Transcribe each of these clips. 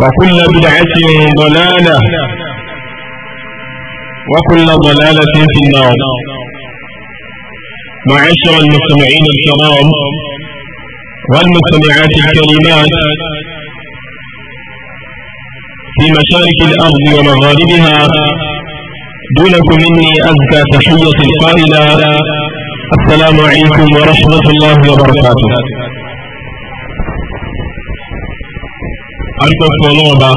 وكل بدعة ضلالة وكل ضلالة في النار معاشر المستمعين الكرام والمستمعات الكريمات في مشارق الأرض ومغاربها دونكم مني أزكى تحية قائلة السلام عليكم ورحمة الله وبركاته àdúgbò fún ọlọ́wọ́n ba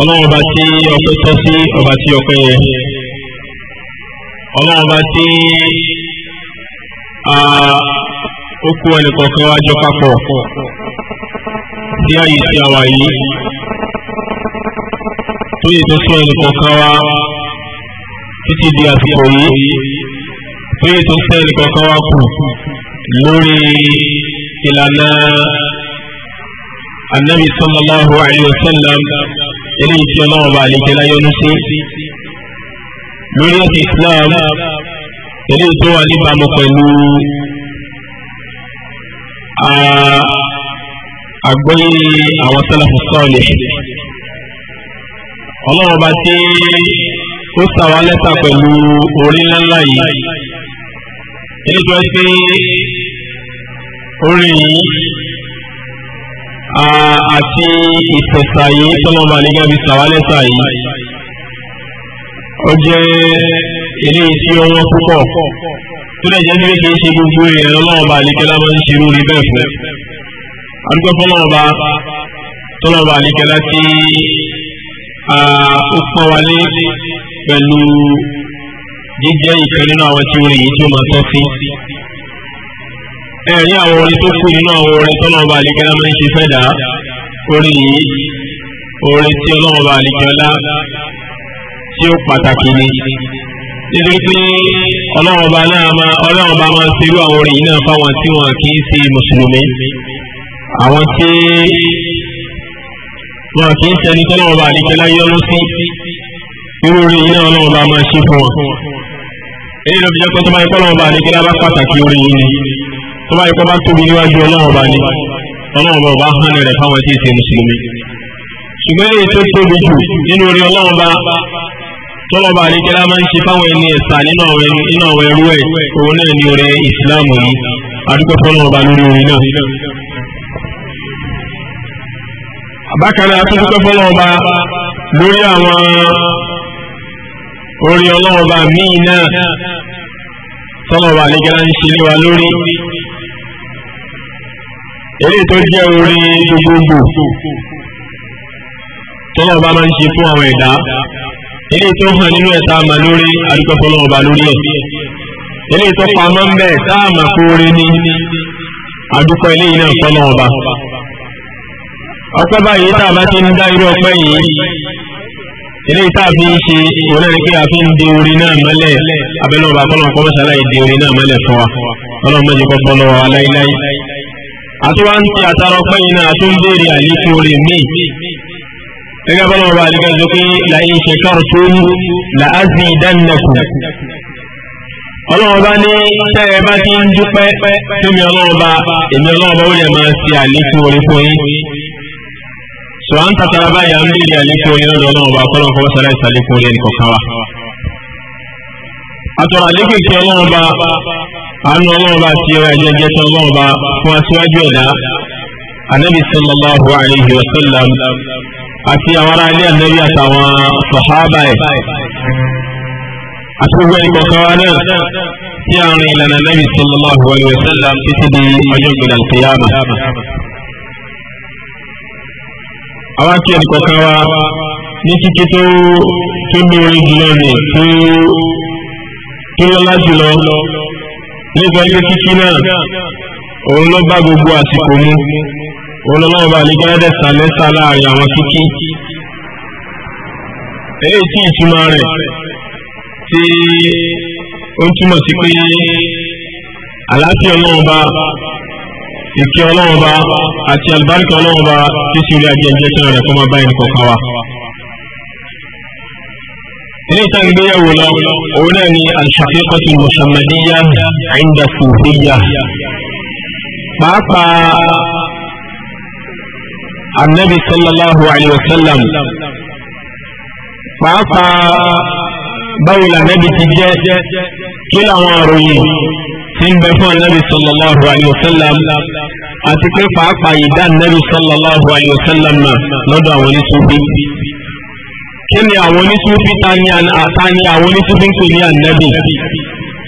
ọlọ́wọ́n ba tí ọpẹ́ tọ́ sí ọba tí ọpẹ́ yẹ ọlọ́wọ́n ba tí ó kó ẹnìkọ̀ọ̀kan wá jọ papọ̀ sí àyè tí a wà yìí tó yẹ tó sún ẹnìkọ̀ọ̀kan wá títí di àsìkò yìí tó yẹ tó sún ẹnìkọ̀ọ̀kan wá kù lórí ìlànà. النبي صلى الله عليه وسلم إليه الله عليك لا ينسي lórí ẹ̀sìn islam eléyìí tó wà níbàámu pẹ̀lú àgbọ́yé àwọn sálàfù sọ́ọ̀lì ọlọ́run ọba tí ó sàwá lẹ́sà pẹ̀lú orí ńláńlá yìí eléyìí tó wáyé pé orin yìí àti ìtẹ̀sà yìí tọ́lọ́mà nígbà bí sàwálẹ́sà yìí ó jẹ́ ilé tí ó wọ́n púpọ̀ tó lè jẹ́ sílé kìí ṣe gbogbo èèyàn lọ́wọ́ba àlíkẹ́lá máa ń ṣe irú rí bẹ́ẹ̀ fún àdúgbò fọlọ́wọ́ba tọ́lọ́wọ́ba àlíkẹ́lá tí ó pọ́n wálé pẹ̀lú jíjẹ́ ìkan nínú àwọn tí ó rí yìí tí ó máa tọ́ sí ẹ̀rí àwọn orin tó kù nínú àwọn orin tó lọ́wọ́ àlìkẹ́lá máa ń ṣe fẹ́ dà orin yìí orin tí ọlọ́wọ́ àlìkẹ́lá tí ó pàtàkì ni nítorí pé ọlọ́wọ́ bá máa ń serú àwọn orin yìí náà fáwọn tí wọn kì í ṣe mùsùlùmí àwọn tí wọn kì í ṣẹni tó lọ́wọ́ àlìkẹ́lá yọ́nú sí irú orin yìí náà ọlọ́wọ́ bá máa ṣe fún wọn. èyí ló fi jẹ́ pé tó máa ń kọ́ pàtàkì orin yìí tó bá yẹ kó bá tóbi níwájú ọlọ́run ọba ni ọlọ́run ọba ọba hàn rẹ̀ fáwọn tí ì ṣe mùsùlùmí ṣùgbọ́n èyí tó tóbi jù nínú orí ọlọ́run ọba tọ́lọ́ba àdékẹ́lá máa ń ṣe fáwọn ẹni ẹ̀sà nínú àwọn ẹrú ẹ̀ òun náà ní orí ìsìláàmù yìí àdúgbò fọlọ́run ọba lórí orin náà àbákanná àtúntúkọ́ fọlọ́ọba lórí àwọn orí ọlọ́ọba míì náà tọ́lọ́ọba àlejò ń ṣe lé wa lórí eléyìí tó jẹ́ orí gbogbogbò tọ́lọ́ ọba máa ń ṣe fún àwọn ẹ̀dá eléyìí tó hàn nínú ẹ̀ta àmà lórí àdúgbòfọ́lọ́ ọba lórí ẹ̀ eléyìí tó pamọ́ ń bẹ̀ tá àmà kóore ní àdúgbò eléyìí náà fọ́lọ́ ọba. ọpẹ́ báyìí tá a bá ti ń dá irú ọpẹ́ yìí eléyìí tá a fi ń ṣe òun náà ni pé a fi ń de orin náà mọ́lẹ̀ abẹ́lẹ́ ọba kọ́lọ́ kọ́mọ́sálá yìí de orin náà mọ́lẹ̀ fún wa kọ́lọ́ mọ́jẹ́kọ́ fọ́lọ́ wa àtúwáńtì àtàrà ọpẹ́ yìí náà tó ń béèrè àlékún orí mi gẹ́gẹ́ bọ́lá ọba àdìgbàjọ pé làyé ìṣẹ̀kọ́rọ̀ tó ń là á sì ìdánilẹ̀kùn ọlọ́run bá ní tẹ́ ẹ bá ti ń dúpẹ́ fẹ́mi ọlọ́run bá èmi ọlọ́run bá ó lè máa ṣe àlékún orí fún yín sọ̀rọ̀ ń tàtàrà báyìí à ń àlékún orí lọ́dọ̀ ọlọ́run bá kọ́lọ́n fọwọ́ sáré ìsàlékún orí ẹnì kọ̀ọ̀kan wa àtọ̀rọ̀ àlékún ìṣẹ́ ọlọ́run àánú ọlọ́run bá ti ọ̀rọ̀ ẹ̀jẹ̀ jẹ́ tán ọlọ́run bá fún aṣíwájú ẹ̀dá anabi sallallahu alayhi wa sallam àti àwọn ará ilé anabi àtàwọn sọ̀hábà ẹ̀ àtúgbò ẹ̀kọ́ kan náà tí a rìn ìlànà anabi sallallahu alayhi wa sallam títí di ọjọ́ gbọdọ̀ kìyàmà. àwa kí ẹ̀kọ́ kan wá ní kíkí tó tó lórí jùlọ ní tó tó lọ́lá jùlọ nípa ilé kíkí náà òun ló bá gbogbo àsìkò mu òun lọ́wọ́ bá lè gẹ́rẹ́dẹ̀ sàlẹ́sà láàrin àwọn kíkí èyí tí ìtumọ̀ rẹ̀ tí ó ń túmọ̀ sí pé àlàáfíà ọlọ́run ìkẹ́ ọlọ́run àti àlùbáríkà ọlọ́run bá tí sì ajẹ́jẹ́ tí wọ́n rẹ̀ kọ́ máa bá ẹnì kọ̀ọ̀kan wa ilé ìtàn ìgbéyàwó lọ òun náà ni al-shaqiqatu muhammadiyya inda sufiyya pàápàá annabi sallallahu alayhi wa sallam pàápàá báwo la nabi ti jẹ́ kí làwọn àròyìn ti ń bẹ fún annabi sallallahu alayhi wa sallam àti pé pàápàá ìdá annabi sallallahu alayhi wa sallam náà lọ́dọ̀ àwọn oníṣòwò kí ni àwọn oníṣúfí ta ni àwọn oníṣúfí ń pè ní ànábì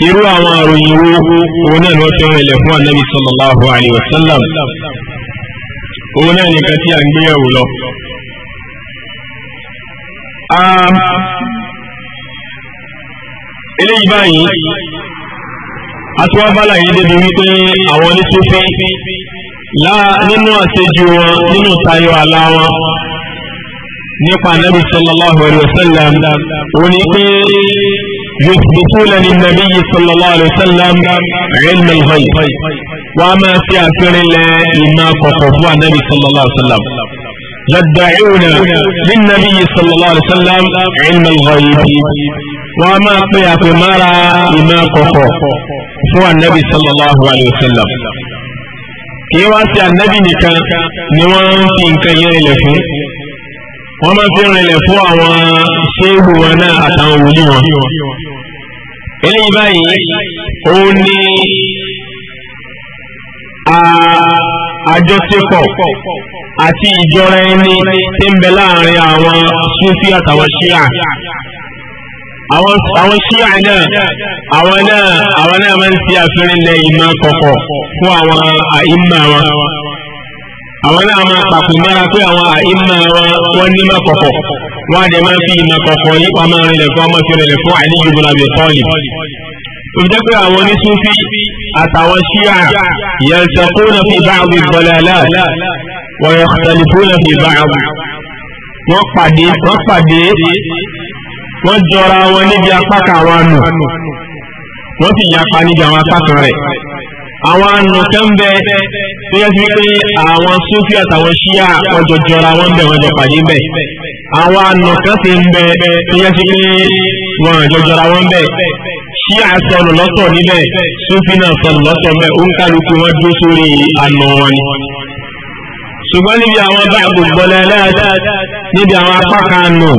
irú àwọn àròyìn wo òun náà ló fi rìnlẹ̀ fún ànábì sallallahu alayhi wa sallam òun náà nìkan tí a ń gbéyàwó lọ. eléyìí báyìí atúwábálà yìí débi wípé àwọn oníṣúfí nínú àṣejù wọn nínú tayọ àlá wọn nípa nàbí sallallahu alayhi wa sallam ó ní pé yusbituna ni nàbí yìí sallallahu alayhi wa sallam ilmi al-ghayb wọ́n á máa fi àfihàn lẹ ìmọ̀ kọ̀kọ̀ fún ànábì sallallahu alayhi wa sallam. يدعون للنبي صلى الله عليه وسلم علم الغيب وما قياك مرا إما كفو هو النبي صلى الله عليه وسلم kí wá sí ànábì nìkan ni wọ́n ń fi nǹkan yẹn lẹ̀ fún wọ́n máa fi rìnlẹ̀ fún àwọn ṣéèbù wọn náà àtàwọn wòlíì wọn. eléyìí báyìí òun ni àjọṣepọ̀ àti ìjọra ẹni tí ń bẹ láàrin àwọn sufi àtàwọn ṣíà àwọn àwọn ṣíà náà àwọn náà àwọn náà máa ń ṣe àfihàn ilẹ̀ ìmọ̀ kọ̀kọ̀ fún àwọn àìmọ̀ wọn àwọn náà máa pàpò mára pé àwọn àìmọ̀ wọn wọ́n ní má kọ̀kọ̀ wọ́n á dẹ̀ máa fi ìmọ̀ kọ̀kọ̀ yí wọ́n máa rìnlẹ̀ fún ọmọ fi rìnlẹ̀ fún àìní ìjùmọ̀ àbẹ̀ tọ́lì. ó jẹ́ pé àwọn oníṣúfí àtàwọn ṣíà yaltaquna fi ba'di dalalat wa yakhtalifuna fi ba'd. wọ́n pàdé wọ́n pàdé wọ́n jọra wọn níbi apá kan àwọn àmì wọ́n sì yapa níbi àwọn apá kan rẹ̀ àwọn ànùkẹ́ ń bẹ tó yẹ sí pé àwọn sufi àtàwọn ṣíà wọn jọ jọra wọn bẹ wọn jọ pàdé bẹ àwọn ànùkẹ́ sì ń bẹ tó yẹ sí pé wọn jọ jọra wọn bẹ ṣíà sọnù lọ́tọ̀ níbẹ̀ sufi náà sọnù lọ́tọ̀ mẹ́ òǹkàlùkù wọn dúró sórí àná wọn ni ṣùgbọ́n níbi àwọn bá àgbògbọ́lẹ́ lẹ́ẹ̀dá níbi àwọn apá kan nù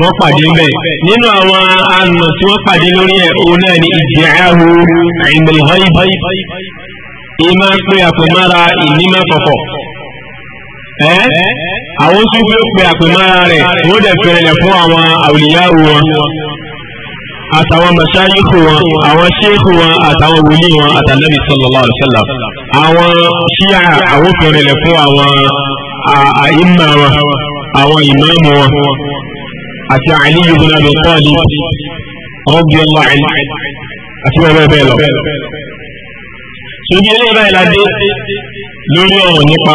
wọ́n pàdé ń bẹ̀ nínú àwọn àna tí wọ́n pàdé lórí ẹ̀ òun náà ni ìdíyàwó àìmọ̀lẹ́hìn ìmá pé àpèmára ìnímọ̀ kọ̀kọ̀ ẹ́ àwọn tún pé pé àpèmára rẹ̀ wọ́n dẹ̀ fẹ́rẹ̀ fún àwọn àwòlíyáwó wọn àtàwọn mọ̀ṣáyíkù wọn àwọn ṣéèkù wọn àtàwọn wòlíì wọn àtàlẹ́bí sallallahu alaihi àwọn ṣíyà àwọn fẹ́rẹ̀ fún àwọn àìmọ̀ wọn àwọn ìmáàmù wọn àti Ali ibn Abi Talib radiyallahu anhu àti bẹ́ẹ̀ bẹ́ẹ̀ lọ. Ṣèjì ilé ìbáyìí la dé lórí ọ̀rọ̀ nípa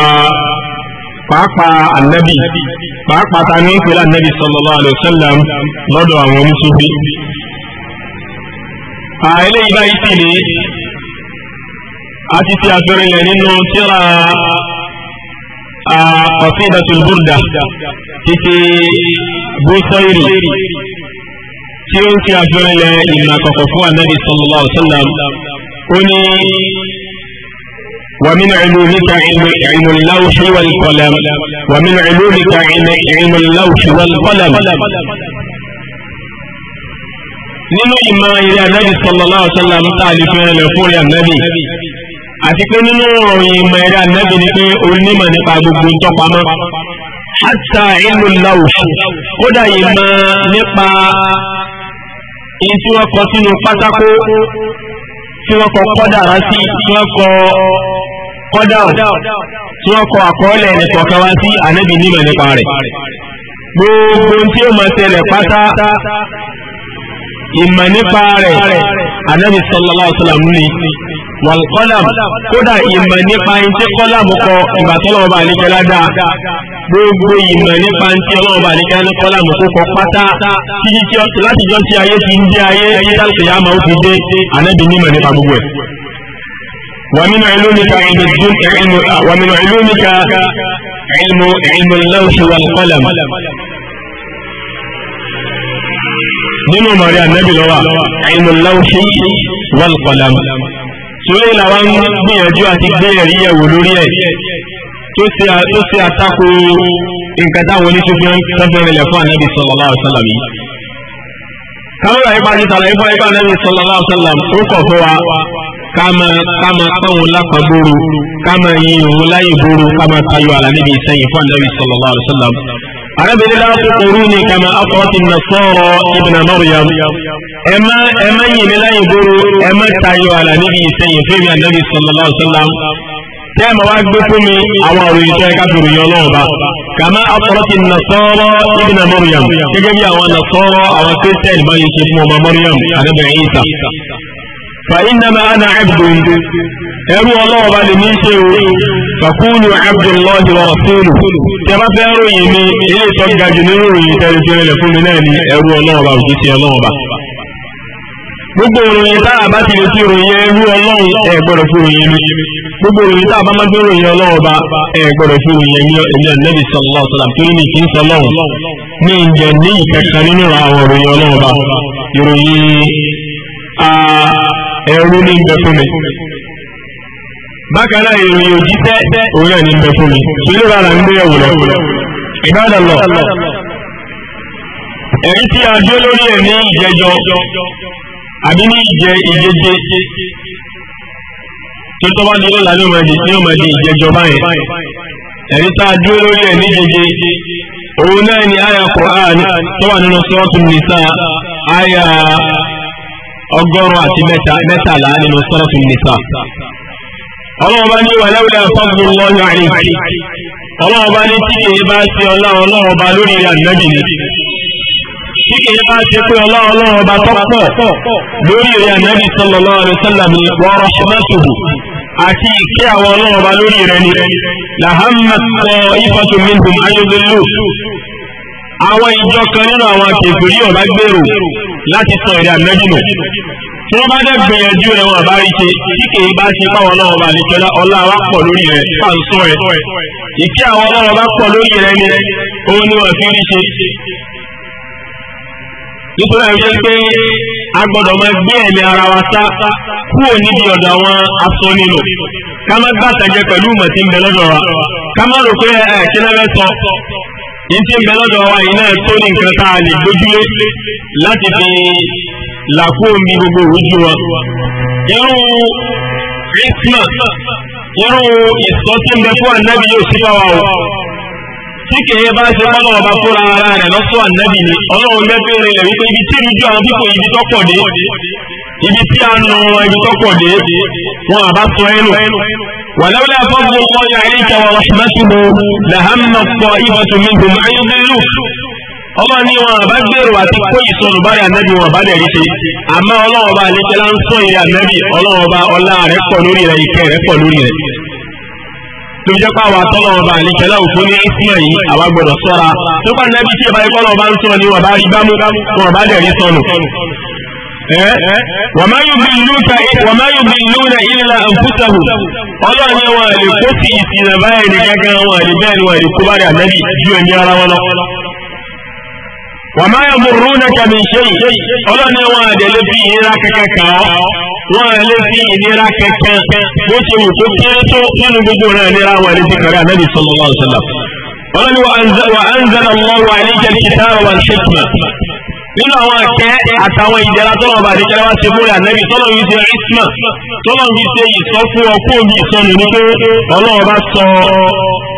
pàápàá ànábì pàápàá ta ní ìpínlẹ̀ ànábì sallallahu alaihi wasallam lọ́dọ̀ àwọn oníṣòfì. Àìlè ìbáyìí sì ni a ti fi àfẹ́rẹ́ yẹn nínú tíra qasidatul burda títí Busairi tí ó ń fi àfihànlẹ̀ ìmọ̀ àkọ́kọ́ fún anabi sallallahu alaihi wa sallam ó ní ومن علومك علم علم اللوح والقلم ومن علومك علم علم اللوح والقلم nínú ìmọ̀ ilé anabi sallallahu alaihi wa sallam tá a lè fi hàn lẹ̀ fún ilé anabi àti pé nínú ọ̀rìn ìmọ̀ ẹ̀rẹ́ ànábì ni pé onímọ̀ nípa gbogbo tọpamọ́ hátà ìlú láwùfù kódà ìmọ̀ nípa èyí tí wọ́n kọ sínú pátákó tí wọ́n kọ kọ́dàrá sí tí wọ́n kọ kọ́dàrá tí wọ́n kọ àkọọ́lẹ̀ ẹ̀nìkọ̀ọ̀kan wá sí ànábì nímọ̀ nípa rẹ̀ gbogbo tí ó máa ṣẹlẹ̀ pátá ìmọ̀ nípa rẹ̀ ànábì sallallahu alaihi wasallam wàlùkọ́làm kódà ìmọ̀ nípa ẹni tí kọ́làmù kọ ìgbà tọ́lọ́wọ́ bá àníkẹ́ ládàá gbogbo ìmọ̀ nípa ẹni tí ọlọ́wọ́ bá àníkẹ́ ní kọ́làmù kó kọ pátá títí tí láti jọ sí ayé ti ń dé ayé ayé dálùkì yá máa fi dé ànábì nímọ̀ nípa gbogbo ẹ̀. ومن علومك علم الدنيا ومن علومك علم علم اللوح والقلم nínú mọ̀rí ànábì lọ́wọ́ ilmu lawhi wal qalam sórí làwa ń gbìyànjú àti gbé ẹ̀rí yẹ̀wò lórí ẹ̀ e. tó ṣe àtakò nǹkan táwọn oníṣòfin tọ́fẹ́rẹ́lẹ̀ fún ànábì sallallahu alaihi wasallam yìí. kámẹ́rà yìí pàṣẹ sàlàyé fún ẹgbẹ́ ànábì sallallahu alaihi wasallam ó kọ̀ fún wa kama kama kpọ̀n lápapọ̀rọ̀ kama yin òun láyé boro kama tayọ àlàníbi ìsẹ́yìn fún ànábì sallallahu alaihi wasallam arábìnrin lára tó kọrú ní kama akọrọtì nasọrọ ibn maryam ẹ má ẹ má yìn mí láyìn gbòòrò ẹ má tayọ àlà níbi ìsẹyìn fún mi ànábì sallallahu alaihi wasallam tẹ́ ẹ̀ máa wá gbé fún mi àwọn àròyìn tó yẹ ká fèrè yan lọ́wọ́ bá kama akọrọtì nasọrọ ibn maryam gẹ́gẹ́ bí àwọn nasọrọ kristian bá yẹ ṣe fún ọmọ maryam ànábì Isa fa innama ana abdu ẹrú ọlọ́wọ́ bá lè ní í o fàkúlù abdullahi wa rasulu tí a bá fẹ́ ròyìn ní ilé ìtọ́ ga jù nínú ròyìn tẹ́lẹ̀ tí ó rẹlẹ̀ fún mi náà ní ẹrú ọlọ́run bá òjì sí ọlọ́run bá gbogbo ròyìn tá a bá ti lè fi ròyìn ẹrú ọlọ́run ẹ̀ gbọ́dọ̀ fún ròyìn mi gbogbo ròyìn tá a bá máa fi ròyìn ọlọ́run ẹ̀ gbọ́dọ̀ fún ròyìn ẹ̀mí ẹ̀mí ànẹ́bí sallallahu alaihi wasallam torí ní kí n sọ lọ́run ní bákan náà ìròyìn òjíṣẹ́ òun náà ní fún mi ilé wa là ń gbé yẹ̀wò lọ lọ ẹ̀rí tí a dúró lórí ní ìjẹjọ àbí ní ìjẹ ìjẹjẹ bá dúró lálẹ́ ní ìjẹjọ a dúró lórí ní ìjẹjẹ òun náà ni àyà ọlọ́run bá ní wàlẹ́wìlẹ́ àfọ́gbù lọ́yọ̀ àrí ọlọ́run bá ní tí kìí bá ṣe ọlọ́run ọlọ́run bá lórí ànábì ni tí kìí bá ṣe pé ọlọ́run ọlọ́run bá tọ́pọ̀ lórí rẹ̀ ànábì sallallahu àti ìké àwọn ọlọ́run lórí rẹ̀ ni làhámàtọ̀ ìfọ̀tù ayọ́dúnlù àwọn ìjọ kan nínú àwọn akẹ́kọ̀ọ́ yóò bá gbèrò láti sọ ìrìn ànábì nù wọ́n bá dẹ̀ gbìyànjú rẹ̀ wọ́n bá rí ṣe tí kì í bá ṣe náà wà ní ọlá wa pọ̀ lórí rẹ̀ fà ń sún rẹ̀ ìkí àwọn bá pọ̀ lórí rẹ̀ ni òun ni wọ́n fi rí ṣe. nítorí àwọn pé a gbọ́dọ̀ máa gbé ẹ̀mí ara wa sá kúrò níbi ọ̀dọ̀ àwọn aṣọ ká má gbàtàjẹ pẹ̀lú ìmọ̀ tí ń bẹ lọ́dọ̀ wa ká má rò pé ẹ̀ làkúrò ń bi gbogbo ìrújú wọn irú christmas irú ìsọtí ń bẹ fún ànábì yóò sí fáwa o tí kèé bá ṣe pọ́nà ọba fúnra ara rẹ̀ lọ́sọ̀ ànábì ni ọlọ́run lẹ́fẹ́ rẹ̀ lẹ̀ wípé ibi tí ìrújú àwọn pípọ̀ ibi tọ́pọ̀ dé ibi tí a nù ibi tọ́pọ̀ dé wọn àbá sọ ẹnu. ولولا فضل الله عليك ورحمته لهم الطائفة منهم أن يضلوك ọba ní wọn àbá gbèrò àti kó ìsọnù báyìí ànábì wọn àbá dẹ̀ rí ṣe àmọ́ ọlọ́wọ́ bá àlejò lá ń sọ ìrẹ ànábì ọlọ́wọ́ bá ọlá rẹ̀ pọ̀ lórí rẹ̀ ìkẹ́ rẹ̀ pọ̀ lórí rẹ̀ tó jẹ́ pé àwọn atọ́lọ́wọ́ bá àlejò lá òfin ní ìsìnà yìí àwa gbọ́dọ̀ sọ́ra tó bá ànábì tí ìbáyé kọ́lọ́ bá ń sọ ni wọn bá rí bámú wọn bá dẹ̀ rí sọnù. وما يضلون وما يضلون إلا أنفسهم ọlọ́run ni wọn àlè kó sì ìsìn àbáyé nìkan kan wàmá yà múrú nàkà mi ṣe yìí ọlọ́ni wọn àdè lè fi ìnira kankan kàn ọ́ wọn àdè lè fi ìnira kankan bó ṣe wù kó kéré tó nínú gbogbo náà ìnira wọn àdè ti kàrí ànábì sallallahu alaihi wasallam ọlọ́ni wa anzala Allahu alayka al-kitaba wal hikma nínú àwọn akẹ́ àtàwọn ìjẹra tọ́lọ̀ ọba àdékẹ́lẹ́ wá ti múlẹ̀ ànẹ́bí tọ́lọ̀ yìí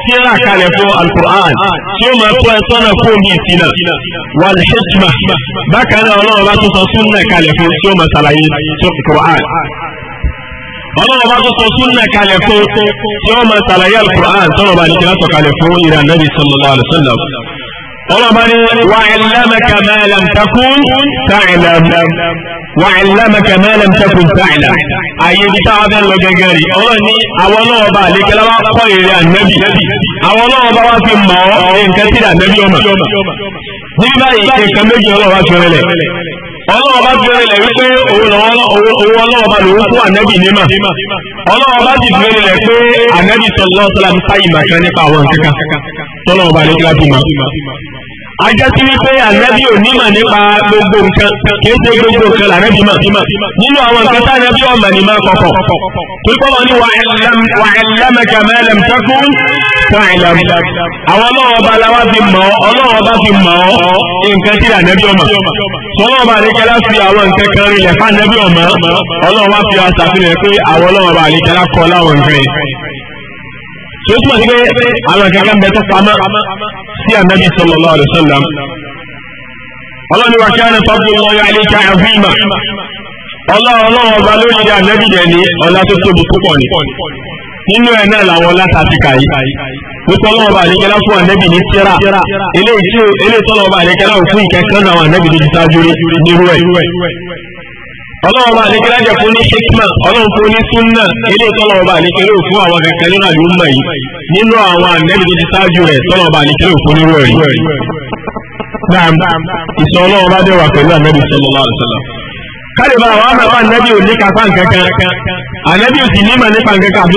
tíra kalẹ̀ fún alukur'an tí ó máa kó ẹ sọ́nà fóònù ìsìnà wal hikma bákan náà ọlọ́run bá tó sọ súnà kalẹ̀ fún tí ó máa ṣàlàyé tó alukur'an ọlọ́run bá tó sọ súnà kalẹ̀ fún tí ó máa ṣàlàyé alukur'an tọ́nà bá ní kí lásọ̀ kalẹ̀ fún ìrànlẹ́bí sallallahu alaihi ọlọ́bàní wà ẹ̀lẹ́mẹ̀kà mẹ́lẹ̀m takùn táìlẹ̀m wà ẹ̀lẹ́mẹ̀kà mẹ́lẹ̀m takùn táìlẹ̀m ayé bí táwọn fẹ́ lọ gẹ́gẹ́ rí ọlọ́ni àwọn ọlọ́ọ̀bà àlékẹ́lá wá kọ́ èrè ànẹ́bì àwọn ọlọ́ọ̀bà wá fi mọ̀ ọ́ nǹkan tí ànẹ́bì ọmọ ní báyìí nǹkan méjì ọlọ́ọ̀bà fi rẹlẹ̀ ọlọ́ọ̀bá fi rẹlẹ̀ wípé owó ọlọ́ọ̀bá lòun fún ànẹ́bì nímà ọlọ́ọ̀bá sì fi rẹlẹ̀ pé ànẹ́bì sọ̀lọ́ọ̀sọ̀lá ń táyì màkà nípa àwọn nǹkan tọ́lọ́ọ̀bá àlékẹ́lá fi mọ̀ ajásí wípé ànábì ò nímọ̀ nípa gbogbo nǹkan kìí ṣe gbogbo nǹkan lànábì mọ̀ nínú àwọn nǹkan tá ànábì ọ̀mọ̀ ní máa kọ̀kọ̀ torípọ̀ wọn ni wà ẹ̀lẹ́mẹ̀kà mẹ́lẹ̀m tẹ́kùn fáìlẹ̀m àwọn ọlọ́wọ́ ọba aláwa fi mọ̀ ọ́ ọlọ́wọ́ ọba fi mọ̀ ọ́ nǹkan tí ànábì ọ̀mọ̀ sọlọ́ ọba àlejàlá fi àwọn nǹkan kan rinlẹ̀ fáànábì ọ̀mọ̀ ọlọ́wọ́ wá fi àṣàfihàn pé àwọn ọlọ́wọ́ ọba àlejàlá kọ́ láwọn nǹkan yìí tó túmọ̀ sí pé àwọn kankan bẹ tó pamọ́ sí ànábì sallallahu alaihi wasallam ọlọ́ni wa kana fadlullahi alayka azima ọlọ́run ọba ló ṣe ànábì rẹ̀ ní ọlá tó tóbi púpọ̀ ni nínú ẹ̀ náà làwọn ọlá ta ti kà yí wípé ọlọ́run ọba àlekẹ́lá fún ànábì ní tíra eléyìí tí eléyìí tọ́lọ́ ọba àlekẹ́lá fún ìkẹ́kẹ́ ọlọ́run bá àlékelé jẹ fún ní hikma ọlọ́run fún ní sunna ilé tọ́lọ́run bá àlékelé fún àwọn kẹkẹ nínú àlùmọ̀ yìí nínú àwọn ànẹ́bí tó ti ṣáájú rẹ̀ tọ́lọ́run bá àlékelé fún nírú ẹ̀rí. naam ìsọ ọlọ́run bá dẹ̀wà pẹ̀lú ànẹ́bí sallallahu alaihi káde bá àwọn àmọ́ ànẹ́bí ò ní kápá nkankan ànẹ́bí ò sì ní mà ní yàtọ̀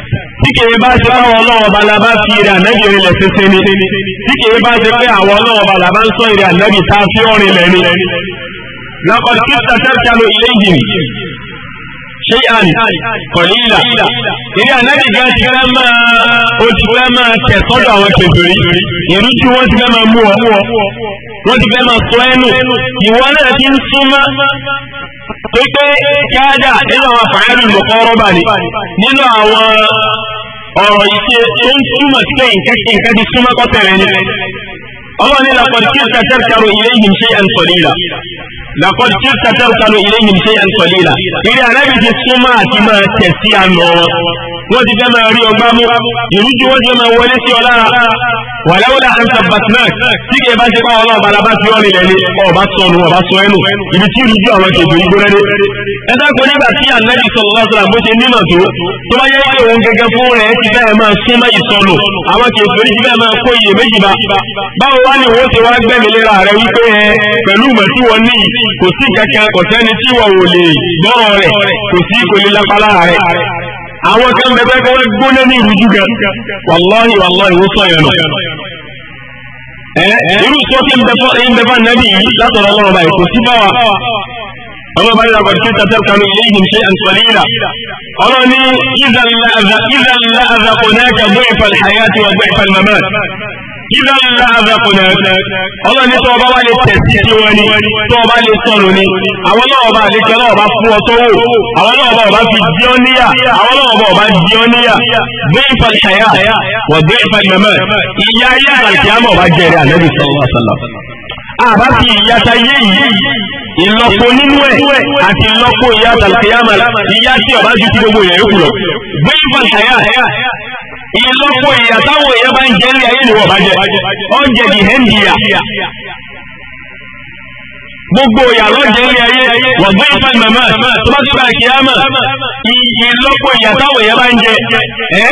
fi ọ̀rìn tí kìí bá ṣe báwọn ọlọ́wọ́ bá la bá fi ìrìn ànábì rìn lẹ̀ ṣinṣin ni tí kìí bá ṣe pé àwọn ọlọ́wọ́ bá la bá ń sọ ìrìn ànábì tá a fi ọ̀rìn lẹ̀ ni. lọ́kọ̀ tí sàtẹ́sàlù ilé yìí ṣé àn kọ̀lílà ìrìn ànábì gan ti fẹ́ máa o fẹ́ máa tẹ̀ àwọn kèfèrí ìlú tí wọ́n ti fẹ́ máa mú ọ wọ́n ti fẹ́ máa sọ ẹnu ìwọ pípé káàdà nínú àwọn fàáyàlú lùkọ́rọ́bà ni nínú àwọn ọ̀rọ̀ ìṣe tó ń túmọ̀ sí nǹkan ṣe nǹkan bí súnmọ́ kọ́tẹ̀rẹ̀ ni ọlọ́run ní lakọ̀dí kí n ṣàṣẹ́ṣàrò ilé yìí ṣe ẹ̀ ń sọ̀rọ̀ lakọ tí ó tẹsẹrù kanu ilé yìí ṣe ń sọ líla ilé alábi ti súnmọ́ àti máa tẹsí àná wọn ti fẹ́ máa rí ọgbà mú ìrújú wọn ti fẹ́ máa wọlé sí ọlá wàláwọlá àǹtà batman tí kìí bá ṣe pa ọlá ọba alábá ti ọrìn lẹni ọba sọnù ọba sọ ẹnu ibi tí ìrújú àwọn kejì ìgbó rẹ dé. ẹ dákun nígbà tí ànábì sọlọ lọsọlá bó nímọ̀ tó tó bá yẹ wá òun gẹ́gẹ́ fún rẹ ti fẹ́ máa súnmọ́ ìsọnù àwọn kejì orí ti fẹ́ máa kó iyèméjì bá báwo wá ni wọn ti wá gbẹmí rẹ wípé pẹ̀lú mẹtí wọn kò sí kankan kò sẹ́ni tí wọ́n ò lè gbọ́rọ̀ rẹ̀ kò sí kò lè lápálá rẹ̀ àwọn kan bẹ̀bẹ̀ kọ́ wọ́n gbóná ní ìrújú gan wàláhì wàláhì wọ́n sọ yẹn lọ. irú sọ tí ń bẹ fún nàbí yìí látọ̀rọ̀ ọlọ́run báyìí kò sí báwa ọlọ́run bá yẹ kọ́ tí tàtẹ́ kanú ilé yìí ṣe àǹtọ̀lẹ́yìnlá ọlọ́run ní ìzànlá àzàkùnrin kà bóyá ìfàlẹ̀ àyà ìlà ńlá àbẹ̀kùnlẹ̀ ọlọ́run ní tọ́ọ̀bá wá lè tẹ̀sí sí wọn ni tọ́ọ̀bá lè sọnù ni àwọn náà ọba àlékẹ́ náà ọba fún ọtọ́ wò àwọn náà ọba ọba fi jí ọ níyà àwọn náà ọba ọba jí ọ níyà gbé ìfàlì ṣàyà wọ̀ gbé ìfàlì mẹ́mẹ́ ìyá ayé àlàkí àmọ́ ọba jẹ̀rẹ̀ àlẹ́bí sọ̀rọ̀ àṣàlà àbá fi ìyáta yé yìí ìlọ́po nínú ẹ̀ àti ìlọ́po ìyá àtàlùkẹ́yàmà ìyá tí ọba ju ti gbogbo ìyẹn kù lọ gbé ìfàlì ṣàyà ìlọ́pọ̀ ìyà táwọn èèyàn bá ń jẹ́ ní ayé nìwọ̀n bá jẹ́ ọ̀jẹ̀ di hẹ́ndìyà gbogbo ìyà lọ́jẹ̀ ní ayé wọ̀gbẹ́ ìfẹ́ màmá tó bá tó bá kíyámà ìlọ́pọ̀ ìyà táwọn èèyàn bá ń jẹ ẹ́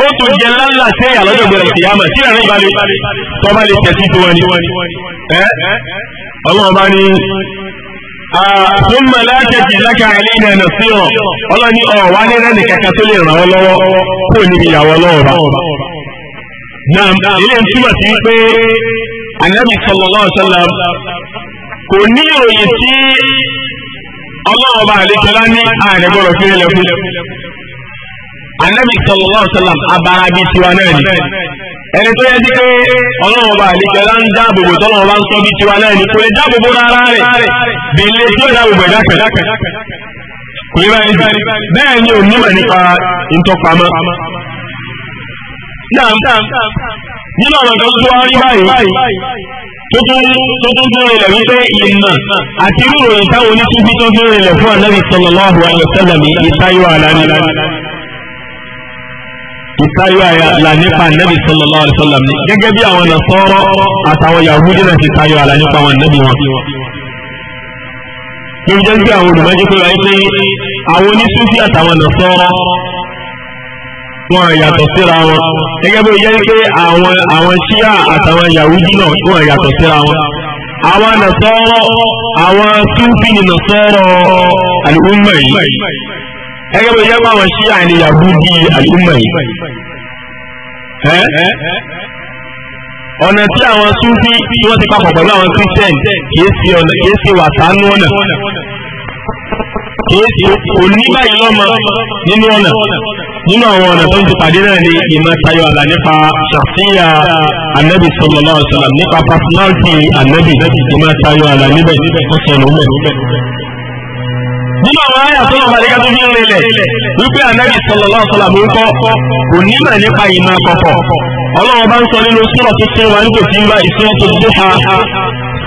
ó tó jẹ lálà sí ìyà lọ́jọ́ gbẹ̀rẹ̀ kíyámà tí ìrìn ìbálẹ̀ tó bá lè tẹ̀sí tó wọn ni ọlọ́run bá ní ثم لا تجد لك علينا نصيرا ọlọ́ni ọ̀wá nínú ẹnì kankan tó lè ràn ọ́ lọ́wọ́ kó níbi ìyàwó ọlọ́wọ́ bá. náà ilé ń túmọ̀ sí pé anabi sallallahu alaihi wasallam kò ní ìròyìn tí ọlọ́wọ́ bá àlékelá ní ààrẹ gbọ́dọ̀ fi rẹ̀ fún. anabi sallallahu alaihi wasallam abarabi tiwa náà ni. ẹni tó yẹ sí pé ọlọ́run ọba àlejò ń dáàbòbò tọ́lọ́run ọba ń sọ bí tiwa náà ni kò lè dáàbòbò rárá rẹ̀ bí ilé tí dáàbòbò ẹ̀dá pẹ̀lú kò yẹ báyìí bẹ́ẹ̀ ni nípa ìtọ́pamọ́. nínú ọ̀nà tó tún báyìí tó tún tún rẹ̀ ìmọ̀ àti irú ìròyìn táwọn onítúbí tó tún rẹ̀ fún ìtayọ àlà nípa nẹ́bí sallallahu alaihi wasallam ni gẹ́gẹ́ bí àwọn Nasara àtàwọn Yahudi náà ti tayọ àlà nípa àwọn nẹ́bí wọn. ló jẹ́ sí àwọn olùmọ́jú pé wáyé pé àwọn onísúfì àtàwọn Nasara wọn yàtọ̀ síra wọn gẹ́gẹ́ bí ó jẹ́ pé àwọn àwọn Ṣíà àtàwọn Yahudi náà wọn yàtọ̀ síra wọn. àwọn Nasara àwọn Súfì ni Nasara al yìí ẹgbẹ́ bó jẹ́ pé àwọn ṣíà ni Yahudi àlùmọ̀ yìí ọ̀nà tí àwọn Sufi tí wọ́n ti papọ̀ pẹ̀lú àwọn Christian kìí ṣe wàtánú ọ̀nà òní báyìí lọ́mọ nínú ọ̀nà nínú àwọn ọ̀nà tó ń ti pàdé náà ni ìmọ̀ tayọ àlà nípa ṣàfíà anabi sallallahu alaihi wasallam nípa personality anabi. ìmọ̀ tayọ àlà níbẹ̀ ó sọ̀rọ̀ mẹ́rin nínú àwọn àyà tó lọ́wọ́ àdéka tó fi ń rinlẹ̀ wípé ànábì sallallahu alaihi wasallam ń kọ́ kò nímọ̀ nípa ìmọ̀ kọ̀kọ̀ ọlọ́run bá ń sọ nínú sọ́rọ̀ tó tún wa nípò tí ń bá ìṣòro tó dúhà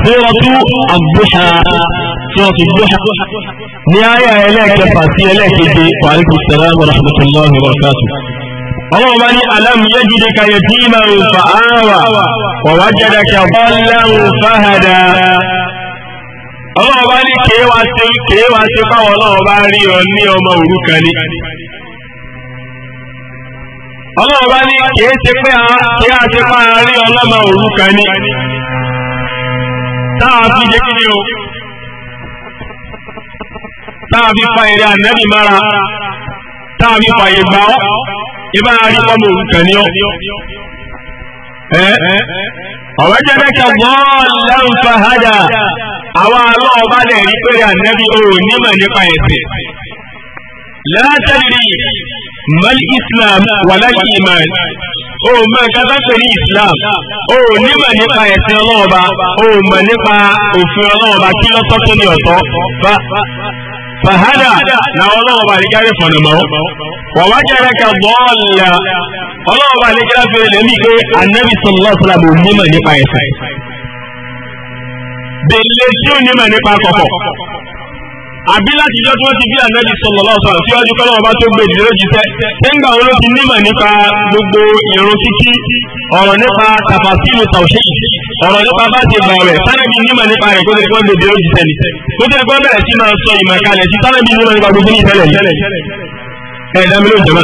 sọ́rọ̀ tó àbúhà sọ́rọ̀ tó dúhà ní àyà ẹlẹ́ẹ̀kẹfà sí ẹlẹ́ẹ̀keje wa alaikum salam wa rahmatullahi wa barakatuh ọlọ́run bá ní alam yajidika yatiman fa'awa wa wajadaka dallan fahada ọlọ́run bá ní kèé ṣe kèé wá ọ ní ọmọ òrukàn ni ọlọ́run ní kèé ṣe pé rí ọlọ́mọ ni táà fi jẹ́ kí ni o táà fi fa èrè ànẹ́bì mára táà fi fàyè gbà ọ́ ibà rí ọmọ àwa aláwọ̀ bá lè rí pé ànábì ò nímọ̀ nípa ẹ̀sìn. látàrí mal islam wàlá iman o mọ kata pé ní islam o nímọ̀ nípa ẹ̀sìn ọlọ́ọ̀ba o mọ̀ nípa òfin ọlọ́ọ̀ba kí lọ́tọ́ tó ní ọ̀tọ̀ fàhádà làwọn ọlọ́ọ̀ba àríkárí fọ̀nà mọ́ wàwá jẹ́rẹ́ ka bọ́ọ̀lù ọlọ́ọ̀ba àríkárí fẹ́rẹ̀ lẹ́mí pé anabi sallallahu alaihi wasallam nímọ̀ nípa bèlè tí ó nímọ̀ nípa kọ̀kọ̀ àbí láti ìjọ tí wọ́n ti bí ànábì sallallahu alaihi wasallam síwájú kọ́lọ́ ọba tó gbé ìdílé jíṣẹ́ nígbà wọn ló ti nímọ̀ nípa gbogbo ìrun kíkí ọ̀rọ̀ nípa tàfàsílù tàwṣẹ́yì ọ̀rọ̀ nípa bá ti gbà rẹ̀ tánàbí nímọ̀ nípa rẹ̀ kó tẹ̀lé kó lè dèrò jíṣẹ́ ni kó tẹ̀lé kó bẹ̀rẹ̀ sí máa sọ ìmọ̀ kalẹ̀ sí tánàbí nímọ̀ nípa gbogbo ìtẹ́lẹ̀ yìí ẹ̀dá mi ló jẹ́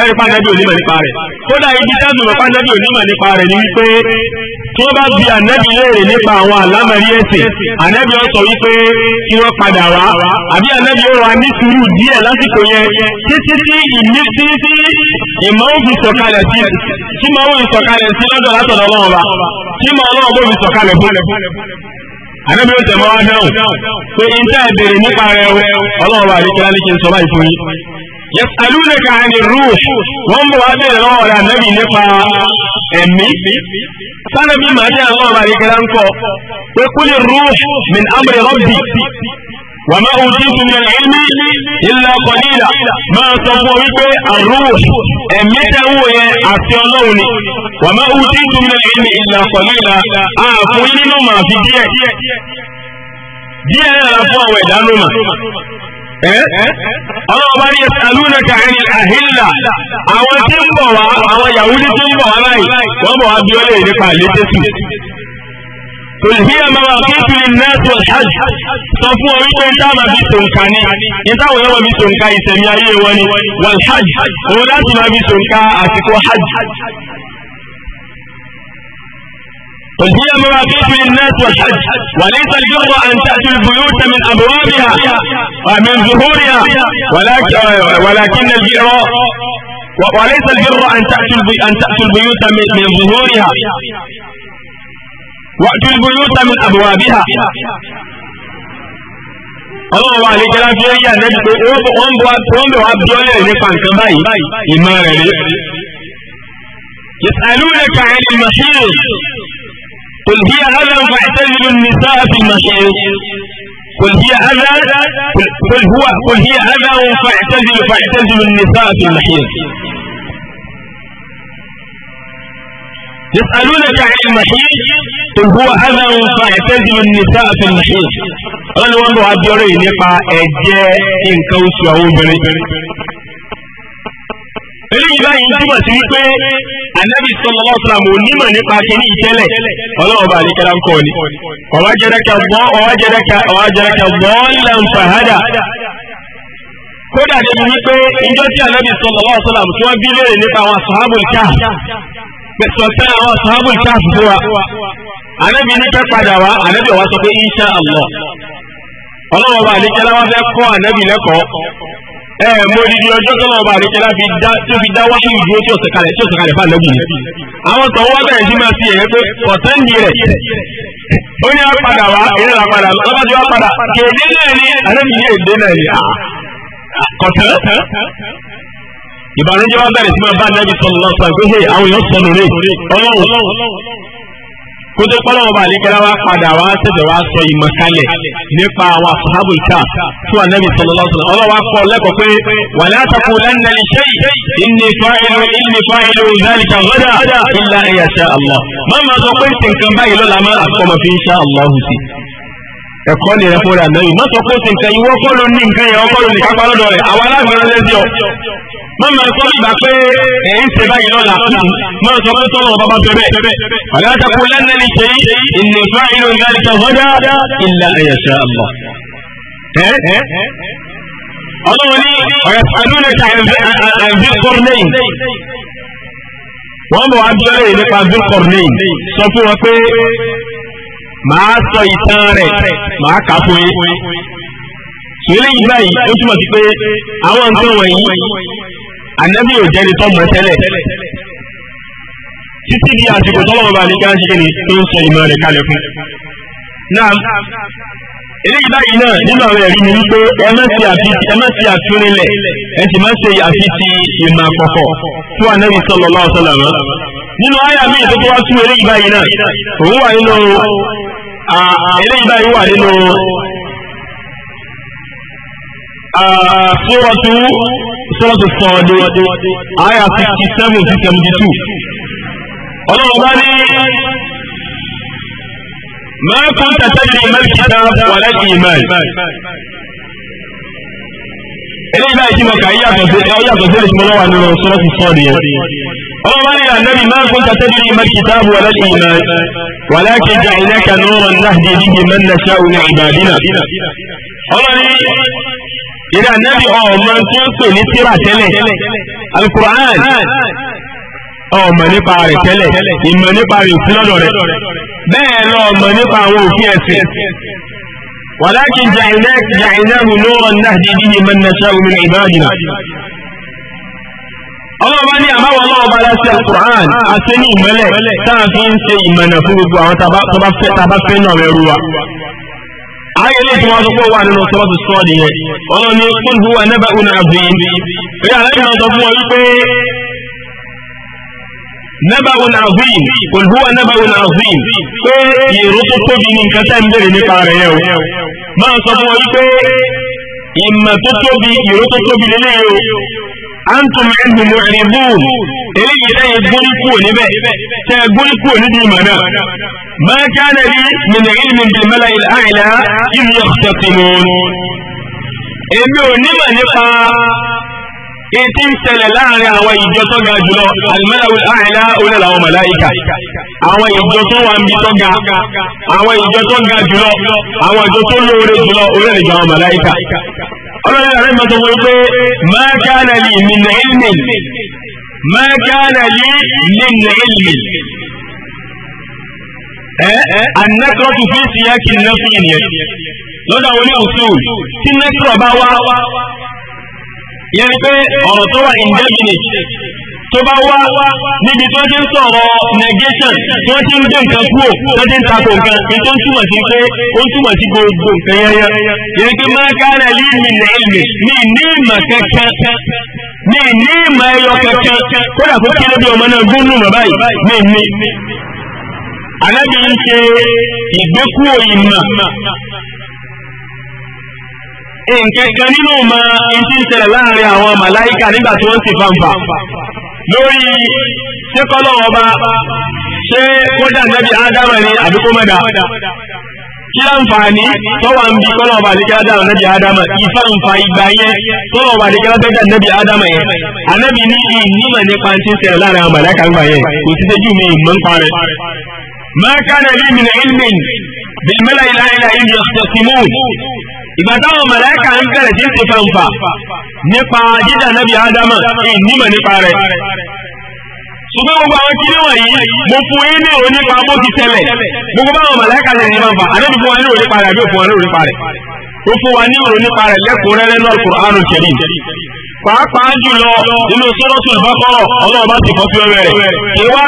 ẹ̀rí pàǹdàbí onímọ̀ nípa rẹ̀ kódà ibi tábìlì pàǹdàbí onímọ̀ nípa rẹ̀ ni wípé tí wọ́n bá bi ànábì léèrè nípa àwọn àlámọ̀rí ẹ̀sìn ànábì ó sọ wípé kí wọ́n padà wá àbí ànábì ó wà ní sùúrù díẹ̀ lásìkò yẹn títí tí ìní títí ìmọ̀ òbí sọ̀kalẹ̀ sí tí mọ̀ òbí sọ̀kalẹ̀ sí lọ́dọ̀ látọ̀dọ̀ ọlọ́run ọba tí mọ̀ ọlọ́run bó fi sọ̀kalẹ̀ fún àdébí ó tẹ̀mọ́ wá dáhùn pé ìjà ìbèrè nípa rẹ̀ ọlọ́run bá àdékẹ́lá ní kí n sọ báyìí fún yín yasalunaka ani ruh wọn bọ wá bẹ̀rẹ̀ lọ́wọ́ rẹ̀ anabi nípa ẹ̀mí sanabi màdí àwọn ọmọ àdìgẹrẹ ńkọ pé kúlẹ ruh min amri rabbi wà má òjìtú min ilmi illa qalila máa sọ fún ọ wípé àrùn ẹ̀mí tẹwọ yẹn àti Ọlọ́run ni wà má òjìtú min ilmi illa qalila àfún nínú màá fi díẹ̀ díẹ̀ náà fún àwọn ẹ̀dá nù mà ọlọ́wọ́ eh? eh? bá ní alúna kàrin àhílà àwọn tí ń bọ̀ wá àwọn yahudi tí ń bọ̀ wá báyìí wọ́n bọ̀ wá bí ó lè nípa létẹ́sù olùhíyà máa kí tún ní nẹ́ẹ̀tì ọ̀ṣájì sọ fún ọ wípé táàmà fi tòǹkà ní nítawọ̀ yẹ́wọ̀ fi tòǹkà ìsẹ̀mí ayé wọn ni wàlhájì òun láti máa fi tòǹkà àsìkò hajj قل هي مواقيت للناس والحج وليس الجر ان تاتوا البيوت من ابوابها ومن ظهورها ولكن ولكن البر وليس الجر ان تاتوا ان تاتوا البيوت من, ظهورها واتوا البيوت من ابوابها ọlọ́run wa àlejò láti ó نجد ام pé wọ́n bọ̀ wá bí ọlẹ́rìí nípa nǹkan báyìí ìmọ̀ rẹ̀ rí. ìsàlùwẹ̀ ìmọ̀ sí قل هي هذا فاعتزل النساء في المحيط قل هي هذا قل هو قل هي هذا فاعتزل فاعتزل النساء في المحيط يسألونك عن المحيط قل هو هذا فاعتزل النساء في المحيط قالوا والله أبيوري نقع أجاء إن كوسوا أو eléyìí báyìí túmọ̀ sí wípé anabi sallallahu alaihi wasallam onímọ̀ nípa kíní ìtẹ́lẹ̀ ọlọ́run bá àdékẹ́lá ń kọ́ ni ọ̀wá jẹ́rẹ́kà bọ́ọ̀lá ń fàhádà kódà débi wípé ìjọ tí anabi sallallahu alaihi wasallam tí wọ́n bí léèrè nípa àwọn ashabul kahf pẹ̀sọ̀tẹ́ àwọn ashabul kahf fún wa anabi ní kẹ́ padà wá anabi ọ̀wá sọ pé insha Allah ọlọ́run bá àdékẹ́lá fẹ́ kọ́ anabi lẹ́kọ̀ọ́ ẹ mọ odidi ọjọ́ tọ́lọ́ ọba àríkẹ́ láti tó fi dá wáyé ìdúró tí ọ̀sẹ̀ kalẹ̀ tí ọ̀sẹ̀ kalẹ̀ bá lẹ́gùn yẹn. àwọn tó wá bẹ̀rẹ̀ sí máa fi ẹ̀yẹ pé kọ̀tẹ́ǹdì rẹ̀ ó ní apàdà wá èyí là padà lọ́bàdì wá padà kéde náà ni àlejò yé èdè náà ni ah, kọ̀tẹ́. ìbànújẹ́ wá bẹ̀rẹ̀ sí máa bá nẹ́bí sọ̀rọ̀ lọ́sàn kótó kọ́lọ́wọ́ bá àlékẹ́lá wá padà wá sẹ̀sẹ̀ wá sọ ìmọ̀ kalẹ̀ nípa àwọn ashabul kahf fún anabi sallallahu alaihi wasallam ọlọ́wọ́ akọ lẹ́kọ̀ọ́ pé wala taqulanna li shay'in inni fa'ilu inni fa'ilu dhalika ghadan illa an yasha Allah. má máa sọ pé sìnkàn báyìí lọ́la má àkọ́mọ fi insha Allah sí ẹ̀kọ́ ni ẹ̀kọ́ rẹ̀ àná yìí má sọ pé ó ti nǹkan yìí wọ́n kọ́ ló ní nǹkan yẹn wọ́n kọ́ ló ní kápá lọ́dọ̀ rẹ̀ àwọn alágbèrè lẹ́sí ọ. má máa sọ ìgbà pé ẹ̀ ń ṣe báyìí lọ́la má sọ pé tọ́lọ̀ ọba bá bẹ̀rẹ̀. àgbà takò lẹ́nà ní ṣe ìní fáìlì ìdáríta wọ́dà ìlà ẹ̀yẹ̀ṣẹ̀ àmọ́. ọlọ́run ní ọ̀rẹ́ a sọ ìtàn rẹ̀ màá kà fún yín ìrẹ́lẹ̀ yìí báyìí ó túmọ̀ sí pé àwọn nǹkan wọ̀nyí ànábì ò jẹ́ni tó mọ̀ tẹ́lẹ̀ di àsìkò tọ́lọ̀ ṣe ni tó ń sọ ìmọ̀ rẹ̀ kalẹ̀ fún. náà eléyìí báyìí náà nínú àwọn ẹ̀rí mi wípé ẹ má ṣe àtúnilẹ̀ ẹ sì má ṣe àfitì ìmọ̀ àkọ́kọ́ fún ànábì sallallahu alaihi wasallam nínú Ah, ah, eléyìí báyìí wà nínú sórọ́tù ah, sórọ́tù sọ̀ọ́dù àyà sixty seven sí seventy two ọlọ́run bá ní. ما كنت تدري ما الكتاب ولا الإيمان eléyìí báyìí tí mo kà yíyàtọ̀ sí ẹ̀yàtọ̀ sí ẹ̀sùn lọ́wọ́ nínú sọ́rọ́ ti sọ́ọ̀dì yẹn. ọmọ bá nílà nẹ́bí máa ń kúnta tẹ́lẹ̀ ní mẹ́rin kìtàbù wà lẹ́sìn iná wà láti jà ìlẹ́kà nọ́ọ̀rọ̀ náàdì níbi mẹ́rin náà ṣáà ní ìbàdínà. ọlọ́ni ìrà nẹ́bí ọ̀ọ́mọ tó ń pè ní tírà tẹ́lẹ̀ alukur'an ọmọ nípa rẹ̀ tẹ́lẹ̀ ìmọ̀ nípa rẹ̀ ولكن جعلناك جعلناه نورا نهدي به من نشاء من عبادنا ọlọ́ọ̀bá ní àbáwọ̀ ọlọ́ọ̀bá láti alukur'an àti ní ìmọ̀lẹ̀ táà fi ń ṣe ìmọ̀nà fún gbogbo àwọn tàbá fẹ́ tàbá fẹ́ náà rẹ̀ ruwa. ayé ilé tí wọ́n sọ pé wà nínú sọ́ọ́sì sọ́ọ̀dì yẹn ọlọ́ọ̀ ní kúl huwa nẹ́bà una abdin èyí àlẹ́ kan sọ fún wọn wípé nẹ́bà una abdin kúl huwa nẹ́bà una abdin pé ìró tó tóbi ní nǹkan tẹ́ ń bèrè nípa rẹ̀ yẹn o máa sọ fún wọn wípé ìmọ̀ tó tóbi ìró tó tóbi lélẹ̀ o antum ẹnu mu eléyìí lẹ́yìn gbórí kúrò níbẹ̀ tẹ́ gbórí kúrò nídìí ìmọ̀ náà. ما كان لي من علم بالملأ الأعلى إذ يختصمون èmi ò nímọ̀ nípa ètí ń ṣẹlẹ̀ láàrin àwọn ìjọ tó ga jùlọ الملأ الأعلى òun làwọn màláìkà àwọn ìjọ tó wà ń bí tó ga àwọn ìjọ tó ga jùlọ àwọn ìjọ tó lóore jùlọ orílẹ̀ ìjọ àwọn màláìka ọlọ́run ìyàrá ìmọ̀ tó wọlé pé máa kana li min ilmin máa kana li min ilmin annakrotu fi siyaki nafi yẹn lọ́dọ̀ àwọn tí bá wá pé ọ̀rọ̀ tó tó bá wá níbi tó ti ń sọ̀rọ̀ negation tí wọ́n ti ń gbé nǹkan kúrò tó ti ń takò nǹkan ní tó ń túmọ̀ sí pé ó ń túmọ̀ sí gbogbo nǹkan yẹn yẹn. èyí pé máa kárẹ̀ lé mi nà èlè mi ní ìmọ̀ kankan mi ní ìmọ̀ ẹyọ kankan kódà kó kéré bí ọmọ náà gúnnù mọ̀ báyìí mi ní. Ànábì ń ṣe ìgbékúrò ìmọ̀ nǹkan kan nínú ma ń ti ń ṣẹlẹ̀ láàrin àwọn màláìkà nígbà tí wọ́n ti fanfa lórí ṣé kọ́lọ́ ọba ṣé kódà nàbí ádámà ni àbí kó mẹ́ta kí láǹfààní tọ́wà ń bí kọ́lọ̀ ọba àdíkẹ́ ádámà nàbí ádámà ìfà ń fa ìgbà yẹn kọ́lọ̀ ọba àdíkẹ́ ádámà nàbí ádámà yẹn ànábì ní ìnímọ̀ nípa ti ń sẹ̀rẹ̀ láàrin àmàlẹ́kà ń gbà yẹn kò sí tẹ́jú mi ìmọ̀ ń parẹ́. ما كان لي من علم بالملأ الأعلى إذ يختصمون ìgbà táwọn màláíkà ń bẹ̀rẹ̀ sí ti fanfa nípa jíjà nábì ádámà ìnímọ̀ nípa rẹ̀ ṣùgbọ́n gbogbo àwọn kiri wọ̀nyí mo fún yín ní òní pa bó ti tẹ̀lẹ̀ gbogbo báwọn màláíkà ṣe ní fanfa àdébí fún wa ní òní pa rẹ̀ àbí òfún wa ní òní pa rẹ̀ ó fún wa ní òní pa rẹ̀ lẹ́kùnrẹ́rẹ́ náà Kùránù kẹrì pàápàá jùlọ nínú Suratul Baqara ọlọ́run bá ti kọ́ sí ọ̀rẹ́ rẹ̀ ìwá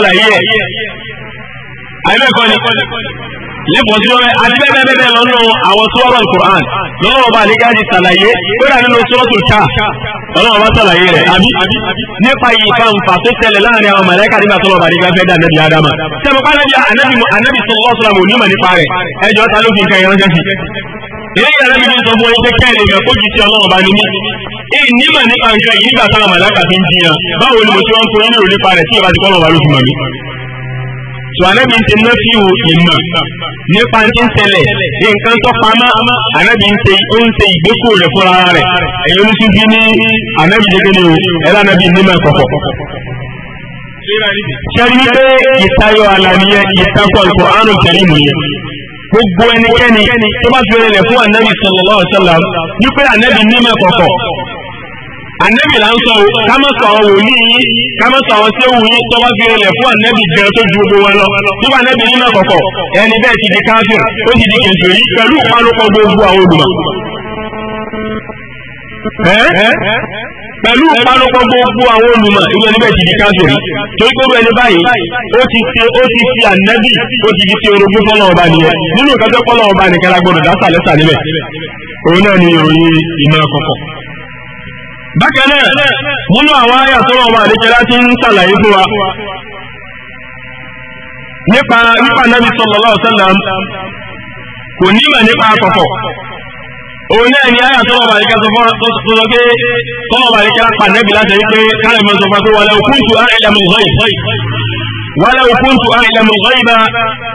ṣe àìbẹ́ẹ̀kọ́ ni yípo sí ọrẹ àti bẹ́ẹ̀ bẹ́ẹ̀ bẹ́ẹ̀ lọ́nà àwọn sọ́rọ̀ alukur'an lọ́nà ọba àlejò àti sàlàyé kódà nínú sọ́rọ̀tù ká lọ́nà ọba sàlàyé rẹ̀ àbí nípa yìí fanfa tó tẹ̀lẹ̀ láàrin àwọn mọ̀lẹ́kà nígbà tó lọ́ba àlejò fẹ́ dà nẹ́bí adama. sẹ́mu kánábíà anabi anabi sọ̀rọ̀ ọ̀sọ̀rọ̀ mọ̀ onímọ̀ nípa rẹ̀ ẹjọ́ ta ló fi nǹkan ìránṣẹ́ sí. eléyìí anabi ní sọ fún ẹ pé kẹ́ẹ̀lì rẹ̀ kó ju ti ọlọ́run ọba nínú. èyí nímọ̀ nípa nǹkan yìí nígbà táwọn mọ̀lẹ́kà fi ń jiyàn báwo ni mo ti wá ń kó nínú ìrònípa rẹ̀ tí ìbá ti kọ́ lọ́ba ló fi mọ̀ mí so anabi ń ṣe nọ́fíù ìmọ̀ nípa ti ń ṣẹlẹ̀ nǹkan tó pamọ́ anabi ń ṣe ó ń ṣe ìgbékò rẹ̀ fúnra rẹ̀ èyí ló tún fi ní anabi jẹ́gẹ́lẹ́ o ẹ̀rọ anabi nímọ̀ kọ̀kọ̀. sẹ́ni pé ìtayọ̀ àlàyé ìtakọ̀ Al-Qur'anul Karim yẹn gbogbo ẹnikẹ́ni tó bá fi rẹ̀ fún anabi sallallahu alaihi wasallam wípé anabi nímọ̀ kọ̀kọ̀ ànẹ́bì là ń sọ o ká má sọ àwọn wòlíì yín ká má sọ àwọn tí ó wù yín tó bá fi rẹlẹ̀ fún ànẹ́bì gan tó ju gbogbo wọn lọ nígbà ànẹ́bì nínú ọ̀kọ̀kọ̀ ẹni bẹ́ẹ̀ ti di káfíìn ó ti di kẹfìrí pẹ̀lú ìpalọ́pọ̀ gbogbo àwọn olùmọ̀ pẹ̀lú ìpalọ́pọ̀ gbogbo àwọn olùmọ̀ irú ẹni bẹ́ẹ̀ ti di káfíìn torí pé ẹni báyìí ó ti ṣe ó ti fi ànẹ́bì ó ti di ṣe orogún fọ́nà ọba nìyẹn nínú ìkọ́jọ́ fọ́nà ọba nìkan la gbọ́dọ̀ dásà lẹ́sà níbẹ̀ òun náà ni ìròyìn ìmọ̀ ọ̀kọ̀kọ̀ bákan náà nínú àwọn àyà sọ́rọ̀ ọba àdékẹ́ láti ń ṣàlàyé fún wa nípa nípa nábì sallallahu alaihi wasallam kò nímọ̀ nípa àkọ́kọ́ òun náà ni àyà sọ́rọ̀ ọba àdékẹ́ sọ́rọ̀ pé sọ́rọ̀ ọba àdékẹ́ láti pàdébì láti rí pé kárẹ̀ mọ́ sọ pé walau kuntu a'lamu al-ghaib ولو كنت أعلم الغيب